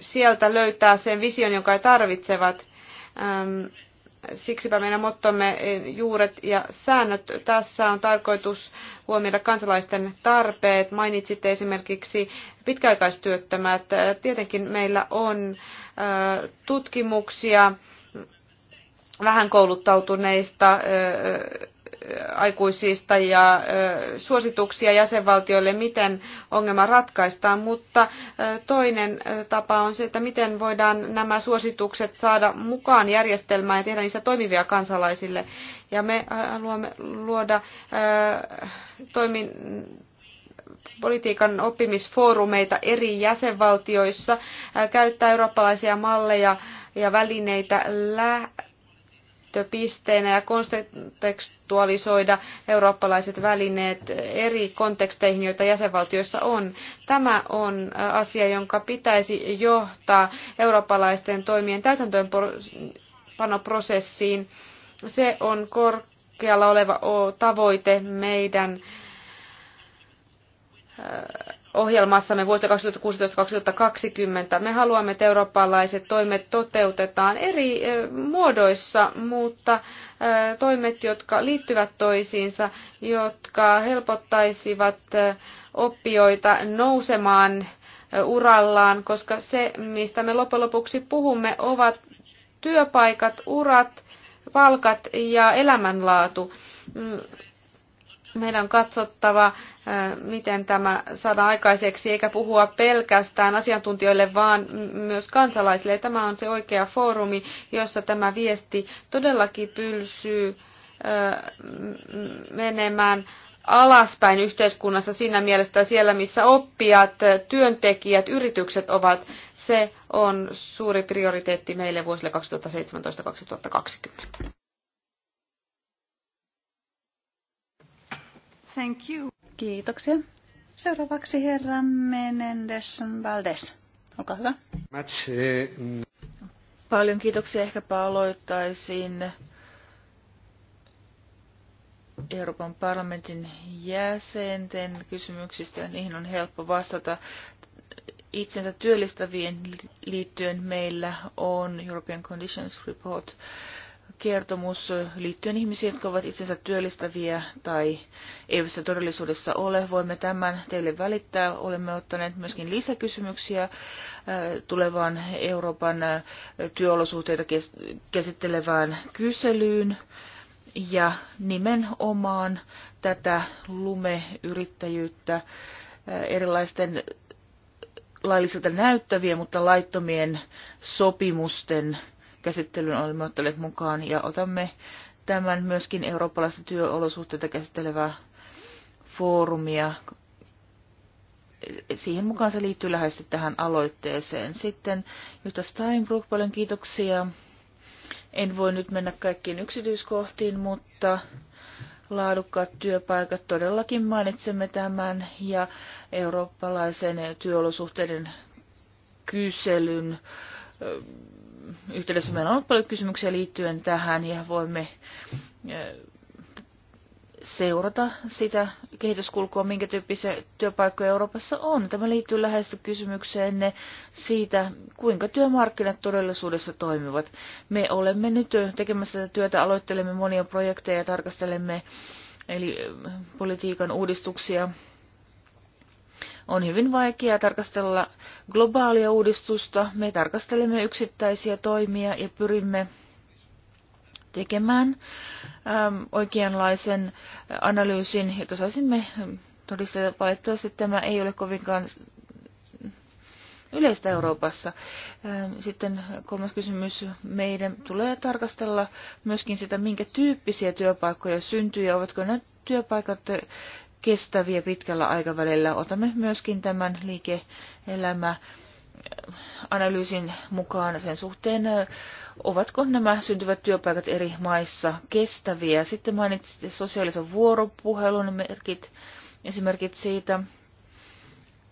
sieltä löytää sen vision, jonka he tarvitsevat. Siksipä meidän mottomme eh, juuret ja säännöt. Tässä on tarkoitus huomioida kansalaisten tarpeet. Mainitsitte esimerkiksi pitkäaikaistyöttömät. Eh, tietenkin meillä on eh, tutkimuksia vähän kouluttautuneista aikuisista ja suosituksia jäsenvaltioille, miten ongelma ratkaistaan, mutta toinen tapa on se, että miten voidaan nämä suositukset saada mukaan järjestelmään ja tehdä niistä toimivia kansalaisille. Ja me haluamme luoda toimin, politiikan oppimisfoorumeita eri jäsenvaltioissa, käyttää eurooppalaisia malleja ja välineitä lä- lähtöpisteenä ja kontekstualisoida eurooppalaiset välineet eri konteksteihin, joita jäsenvaltioissa on. Tämä on asia, jonka pitäisi johtaa eurooppalaisten toimien täytäntöönpanoprosessiin. Se on korkealla oleva tavoite meidän ohjelmassamme vuosina 2016-2020. Me haluamme, että eurooppalaiset toimet toteutetaan eri eh, muodoissa, mutta eh, toimet, jotka liittyvät toisiinsa, jotka helpottaisivat eh, oppijoita nousemaan urallaan, koska se, mistä me loppujen lopuksi puhumme, ovat työpaikat, urat, palkat ja elämänlaatu mm, meidän on katsottava, miten tämä saadaan aikaiseksi, eikä puhua pelkästään asiantuntijoille, vaan myös kansalaisille. Tämä on se oikea foorumi, jossa tämä viesti todellakin pylsyy menemään alaspäin yhteiskunnassa siinä mielessä, siellä missä oppijat, työntekijät, yritykset ovat. Se on suuri prioriteetti meille vuosille 2017-2020. Thank you. Kiitoksia. Seuraavaksi herra Menendez Valdes. Olkaa hyvä. Eh, Paljon kiitoksia. Ehkäpä aloittaisin Euroopan parlamentin jäsenten kysymyksistä niihin on helppo vastata. Itsensä työllistävien liittyen meillä on European Conditions Report, kertomus liittyen ihmisiin, jotka ovat itsensä työllistäviä tai eivät sitä todellisuudessa ole. Voimme tämän teille välittää. Olemme ottaneet myöskin lisäkysymyksiä äh, tulevaan Euroopan äh, työolosuhteita käsittelevään kyselyyn ja nimenomaan tätä lumeyrittäjyyttä äh, erilaisten laillisilta näyttäviä, mutta laittomien sopimusten käsittelyyn olemme ottaneet mukaan ja otamme tämän myöskin eurooppalaista työolosuhteita käsittelevää foorumia. Siihen mukaan se liittyy läheisesti tähän aloitteeseen. Sitten Jutta Steinbrück, paljon kiitoksia. En voi nyt mennä kaikkiin yksityiskohtiin, mutta laadukkaat työpaikat todellakin mainitsemme tämän ja eurooppalaisen työolosuhteiden kyselyn äh, yhteydessä meillä on ollut paljon kysymyksiä liittyen tähän ja voimme seurata sitä kehityskulkua, minkä tyyppisiä työpaikkoja Euroopassa on. Tämä liittyy läheisesti kysymykseen siitä, kuinka työmarkkinat todellisuudessa toimivat. Me olemme nyt tekemässä tätä työtä, aloittelemme monia projekteja ja tarkastelemme eli politiikan uudistuksia on hyvin vaikeaa tarkastella globaalia uudistusta. Me tarkastelemme yksittäisiä toimia ja pyrimme tekemään äm, oikeanlaisen analyysin, jota saisimme ähm, todistaa. Valitettavasti tämä ei ole kovinkaan yleistä Euroopassa. Ähm, sitten kolmas kysymys. Meidän tulee tarkastella myöskin sitä, minkä tyyppisiä työpaikkoja syntyy ja ovatko nämä työpaikat kestäviä pitkällä aikavälillä. Otamme myöskin tämän liike-elämä äh, analyysin mukaan sen suhteen, äh, ovatko nämä syntyvät työpaikat eri maissa kestäviä. Sitten mainitsitte sosiaalisen vuoropuhelun merkit, esimerkit siitä,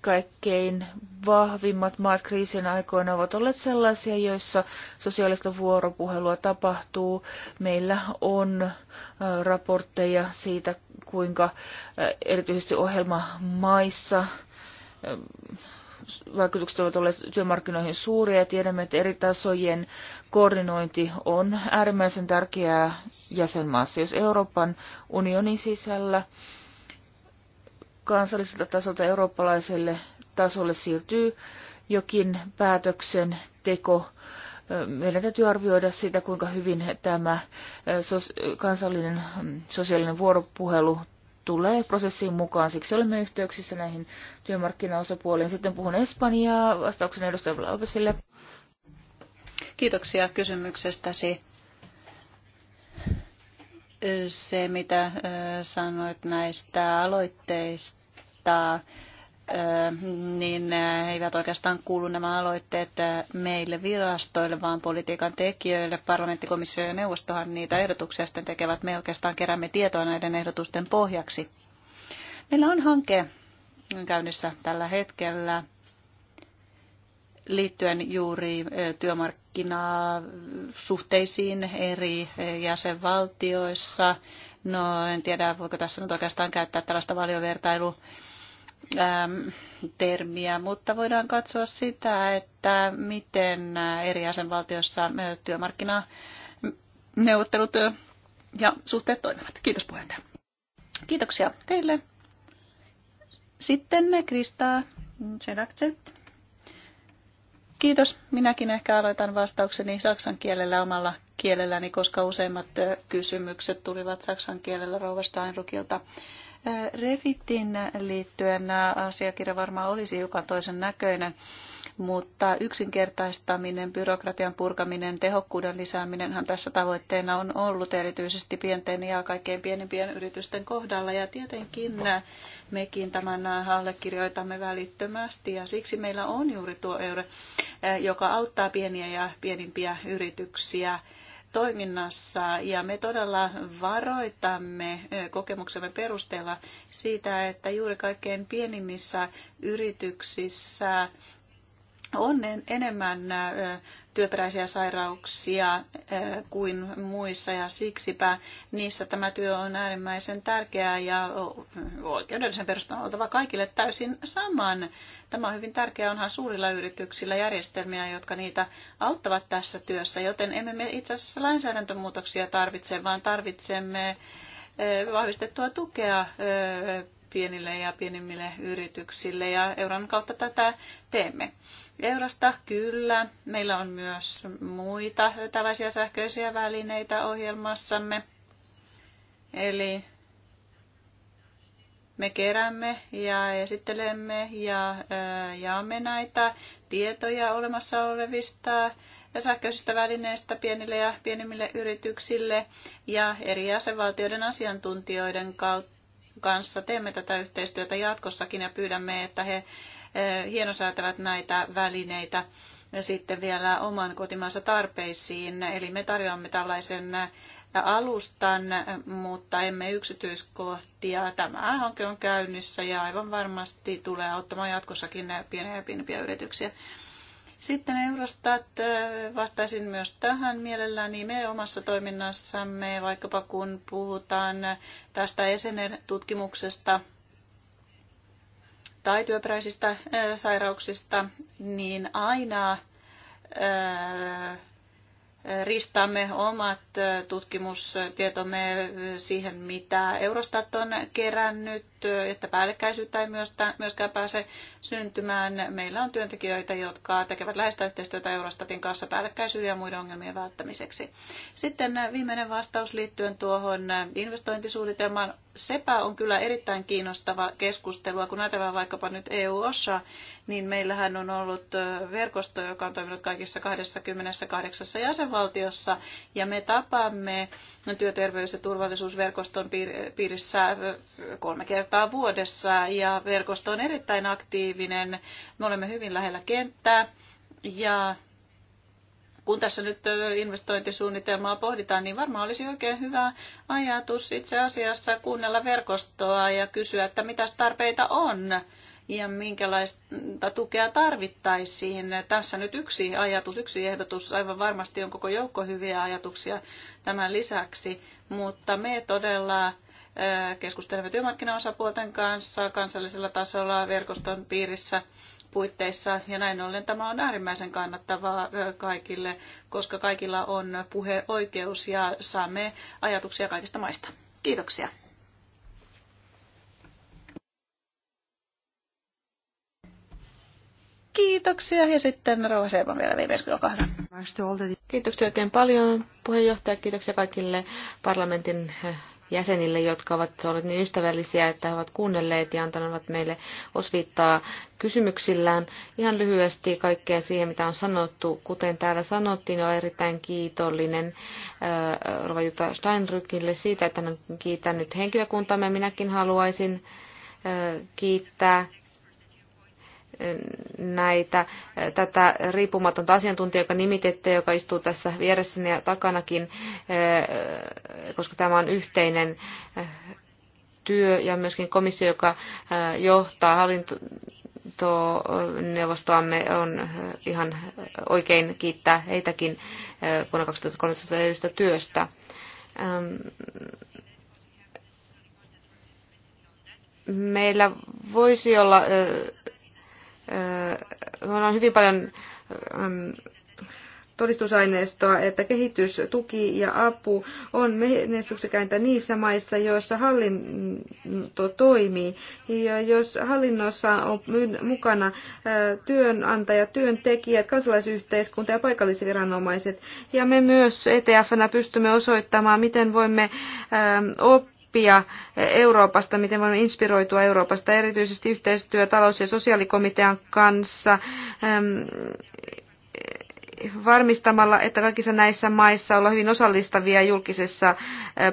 kaikkein vahvimmat maat kriisin aikoina ovat olleet sellaisia, joissa sosiaalista vuoropuhelua tapahtuu. Meillä on raportteja siitä, kuinka erityisesti ohjelmamaissa vaikutukset ovat olleet työmarkkinoihin suuria ja tiedämme, että eri tasojen koordinointi on äärimmäisen tärkeää jäsenmaassa. Jos Euroopan unionin sisällä kansalliselta tasolta eurooppalaiselle tasolle siirtyy jokin päätöksen teko, meidän täytyy arvioida sitä, kuinka hyvin tämä kansallinen mm, sosiaalinen vuoropuhelu tulee prosessiin mukaan. Siksi olemme yhteyksissä näihin työmarkkinaosapuoliin. Sitten puhun Espanjaa vastauksen edustajalle Opesille. Kiitoksia kysymyksestäsi se, mitä sanoit näistä aloitteista, niin eivät oikeastaan kuulu nämä aloitteet meille virastoille, vaan politiikan tekijöille. Parlamenttikomissio ja neuvostohan niitä ehdotuksia sitten tekevät. Me oikeastaan keräämme tietoa näiden ehdotusten pohjaksi. Meillä on hanke käynnissä tällä hetkellä liittyen juuri työmarkkinasuhteisiin eri jäsenvaltioissa. No en tiedä, voiko tässä nyt oikeastaan käyttää tällaista valiovertailu termiä, mutta voidaan katsoa sitä, että miten eri jäsenvaltioissa työmarkkinaneuvottelut ja suhteet toimivat. Kiitos puheenjohtaja. Kiitoksia teille. Sitten Krista Sedakset. Kiitos. Minäkin ehkä aloitan vastaukseni saksan kielellä omalla kielelläni, koska useimmat kysymykset tulivat saksan kielellä Rouva Steinrukilta. Refitin liittyen asiakirja varmaan olisi hiukan toisen näköinen mutta yksinkertaistaminen, byrokratian purkaminen, tehokkuuden lisääminenhan tässä tavoitteena on ollut erityisesti pienten ja kaikkein pienimpien yritysten kohdalla. Ja tietenkin mekin tämän allekirjoitamme välittömästi ja siksi meillä on juuri tuo euro, eh, joka auttaa pieniä ja pienimpiä yrityksiä toiminnassa ja me todella varoitamme eh, kokemuksemme perusteella siitä, että juuri kaikkein pienimmissä yrityksissä on enemmän työperäisiä sairauksia kuin muissa ja siksipä niissä tämä työ on äärimmäisen tärkeää ja oikeudellisen perustan oltava kaikille täysin saman. Tämä on hyvin tärkeää, onhan suurilla yrityksillä järjestelmiä, jotka niitä auttavat tässä työssä, joten emme me itse asiassa lainsäädäntömuutoksia tarvitse, vaan tarvitsemme vahvistettua tukea pienille ja pienimmille yrityksille ja euron kautta tätä teemme. Eurosta kyllä. Meillä on myös muita tällaisia sähköisiä välineitä ohjelmassamme. Eli me keräämme ja esittelemme ja jaamme näitä tietoja olemassa olevista ja sähköisistä välineistä pienille ja pienimmille yrityksille ja eri jäsenvaltioiden asiantuntijoiden kautta kanssa teemme tätä yhteistyötä jatkossakin ja pyydämme, että he eh, hienosäätävät näitä välineitä sitten vielä oman kotimaansa tarpeisiin. Eli me tarjoamme tällaisen eh, alustan, mutta emme yksityiskohtia. Tämä hanke on käynnissä ja aivan varmasti tulee auttamaan jatkossakin pieniä ja pienempiä yrityksiä. Sitten Eurostat vastaisin myös tähän mielelläni me omassa toiminnassamme, vaikkapa kun puhutaan tästä Esener-tutkimuksesta tai työperäisistä sairauksista, niin aina ristaamme omat tutkimustietomme siihen, mitä Eurostat on kerännyt että päällekkäisyyttä ei myöskään pääse syntymään. Meillä on työntekijöitä, jotka tekevät läheistä yhteistyötä Eurostatin kanssa päällekkäisyyden ja muiden ongelmien välttämiseksi. Sitten viimeinen vastaus liittyen tuohon investointisuunnitelmaan. Sepä on kyllä erittäin kiinnostava keskustelua, kun ajatellaan vaikkapa nyt EU-ossa, niin meillähän on ollut verkosto, joka on toiminut kaikissa 28 jäsenvaltiossa, ja me tapaamme työterveys- ja turvallisuusverkoston piirissä kolme kertaa kertaa vuodessa ja verkosto on erittäin aktiivinen. Me olemme hyvin lähellä kenttää ja kun tässä nyt investointisuunnitelmaa pohditaan, niin varmaan olisi oikein hyvä ajatus itse asiassa kuunnella verkostoa ja kysyä, että mitä tarpeita on ja minkälaista tukea tarvittaisiin. Tässä nyt yksi ajatus, yksi ehdotus, aivan varmasti on koko joukko hyviä ajatuksia tämän lisäksi, mutta me todella keskustelemme työmarkkinaosapuolten kanssa kansallisella tasolla verkoston piirissä puitteissa ja näin ollen tämä on äärimmäisen kannattavaa kaikille, koska kaikilla on puheoikeus ja saamme ajatuksia kaikista maista. Kiitoksia. Kiitoksia ja sitten Rauha Seepan vielä viimeiskin, olkaa Kiitoksia oikein paljon puheenjohtaja, kiitoksia kaikille parlamentin jäsenille, jotka ovat olleet niin ystävällisiä, että he ovat kuunnelleet ja antaneet meille osviittaa kysymyksillään. Ihan lyhyesti kaikkea siihen, mitä on sanottu. Kuten täällä sanottiin, olen erittäin kiitollinen äh, Rova Jutta Steinrykille siitä, että hän on kiittänyt henkilökuntamme. Minäkin haluaisin äh, kiittää näitä, tätä riippumatonta asiantuntijaa, joka nimititte, joka istuu tässä vieressäni ja takanakin, koska tämä on yhteinen työ ja myöskin komissio, joka johtaa hallinto, tuo neuvostoamme on ihan oikein kiittää heitäkin vuonna 2013 edestä työstä. Meillä voisi olla Meillä on hyvin paljon ähm, todistusaineistoa, että kehitys, tuki ja apu on menestyksekäintä niissä maissa, joissa hallinto toimii. Ja jos hallinnossa on mukana työnantajat, työntekijät, kansalaisyhteiskunta ja paikallisviranomaiset, ja me myös ETFnä pystymme osoittamaan, miten voimme oppia oppia Euroopasta, miten voimme inspiroitua Euroopasta, erityisesti yhteistyö talous- ja sosiaalikomitean kanssa ähm, varmistamalla, että kaikissa näissä maissa olla hyvin osallistavia julkisessa äh,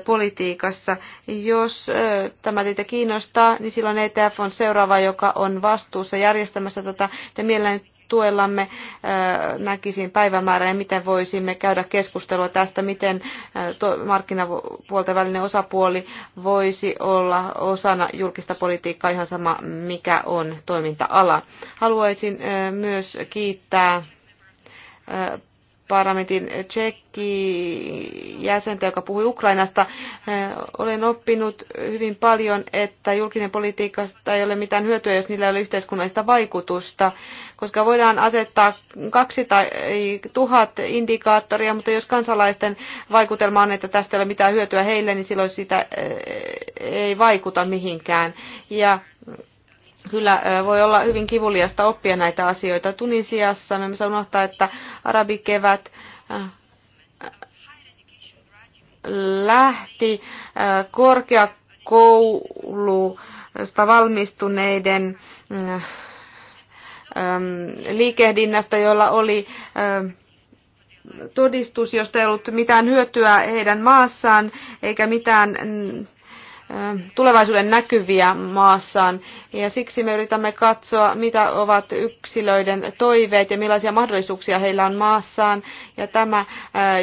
politiikassa. Jos äh, tämä teitä kiinnostaa, niin silloin ETF on seuraava, joka on vastuussa järjestämässä tätä. Te mielelläni tuellamme näkisin päivämäärän ja miten voisimme käydä keskustelua tästä, miten markkinapuolten välinen osapuoli voisi olla osana julkista politiikkaa ihan sama, mikä on toiminta-ala. Haluaisin myös kiittää parlamentin tsekki jäsentä, joka puhui Ukrainasta. Eh, olen oppinut hyvin paljon, että julkinen politiikka ei ole mitään hyötyä, jos niillä ei ole yhteiskunnallista vaikutusta, koska voidaan asettaa kaksi tai tuhat indikaattoria, mutta jos kansalaisten vaikutelma on, että tästä ei ole mitään hyötyä heille, niin silloin sitä eh, ei vaikuta mihinkään. Ja kyllä voi olla hyvin kivuliasta oppia näitä asioita. Tunisiassa me saa unohtaa, että arabikevät lähti korkeakoulusta valmistuneiden liikehdinnästä, jolla oli todistus, josta ei ollut mitään hyötyä heidän maassaan eikä mitään tulevaisuuden näkyviä maassaan. Ja siksi me yritämme katsoa, mitä ovat yksilöiden toiveet ja millaisia mahdollisuuksia heillä on maassaan. Ja tämä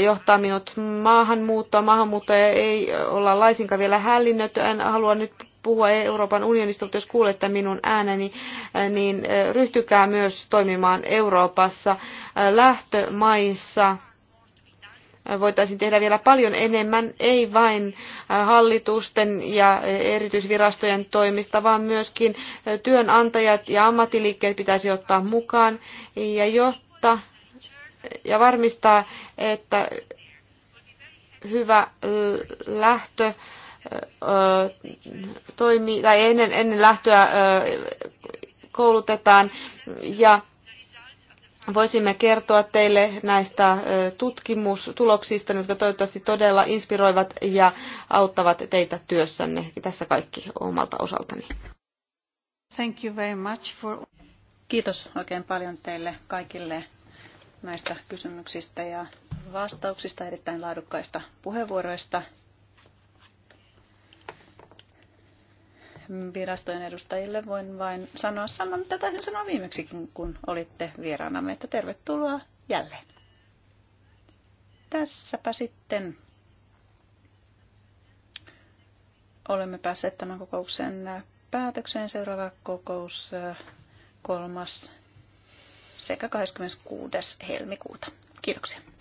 johtaa minut maahanmuuttoon. Maahanmuuttoa ei olla laisinkaan vielä hällinnyt. En halua nyt puhua Euroopan unionista, mutta jos kuulette minun ääneni, niin ryhtykää myös toimimaan Euroopassa lähtömaissa voitaisiin tehdä vielä paljon enemmän, ei vain äh, hallitusten ja äh, erityisvirastojen toimista, vaan myöskin äh, työnantajat ja ammattiliikkeet pitäisi ottaa mukaan. Ja jotta ja varmistaa, että hyvä lähtö toimii, tai ennen, ennen lähtöä koulutetaan ja Voisimme kertoa teille näistä tutkimustuloksista, jotka toivottavasti todella inspiroivat ja auttavat teitä työssänne. Tässä kaikki omalta osaltani. Thank you very much for... Kiitos oikein paljon teille kaikille näistä kysymyksistä ja vastauksista, erittäin laadukkaista puheenvuoroista. virastojen edustajille voin vain sanoa saman, mitä taisin sanoa viimeksikin, kun olitte vieraanamme, että tervetuloa jälleen. Tässäpä sitten olemme päässeet tämän kokouksen päätökseen. Seuraava kokous kolmas sekä 26. helmikuuta. Kiitoksia.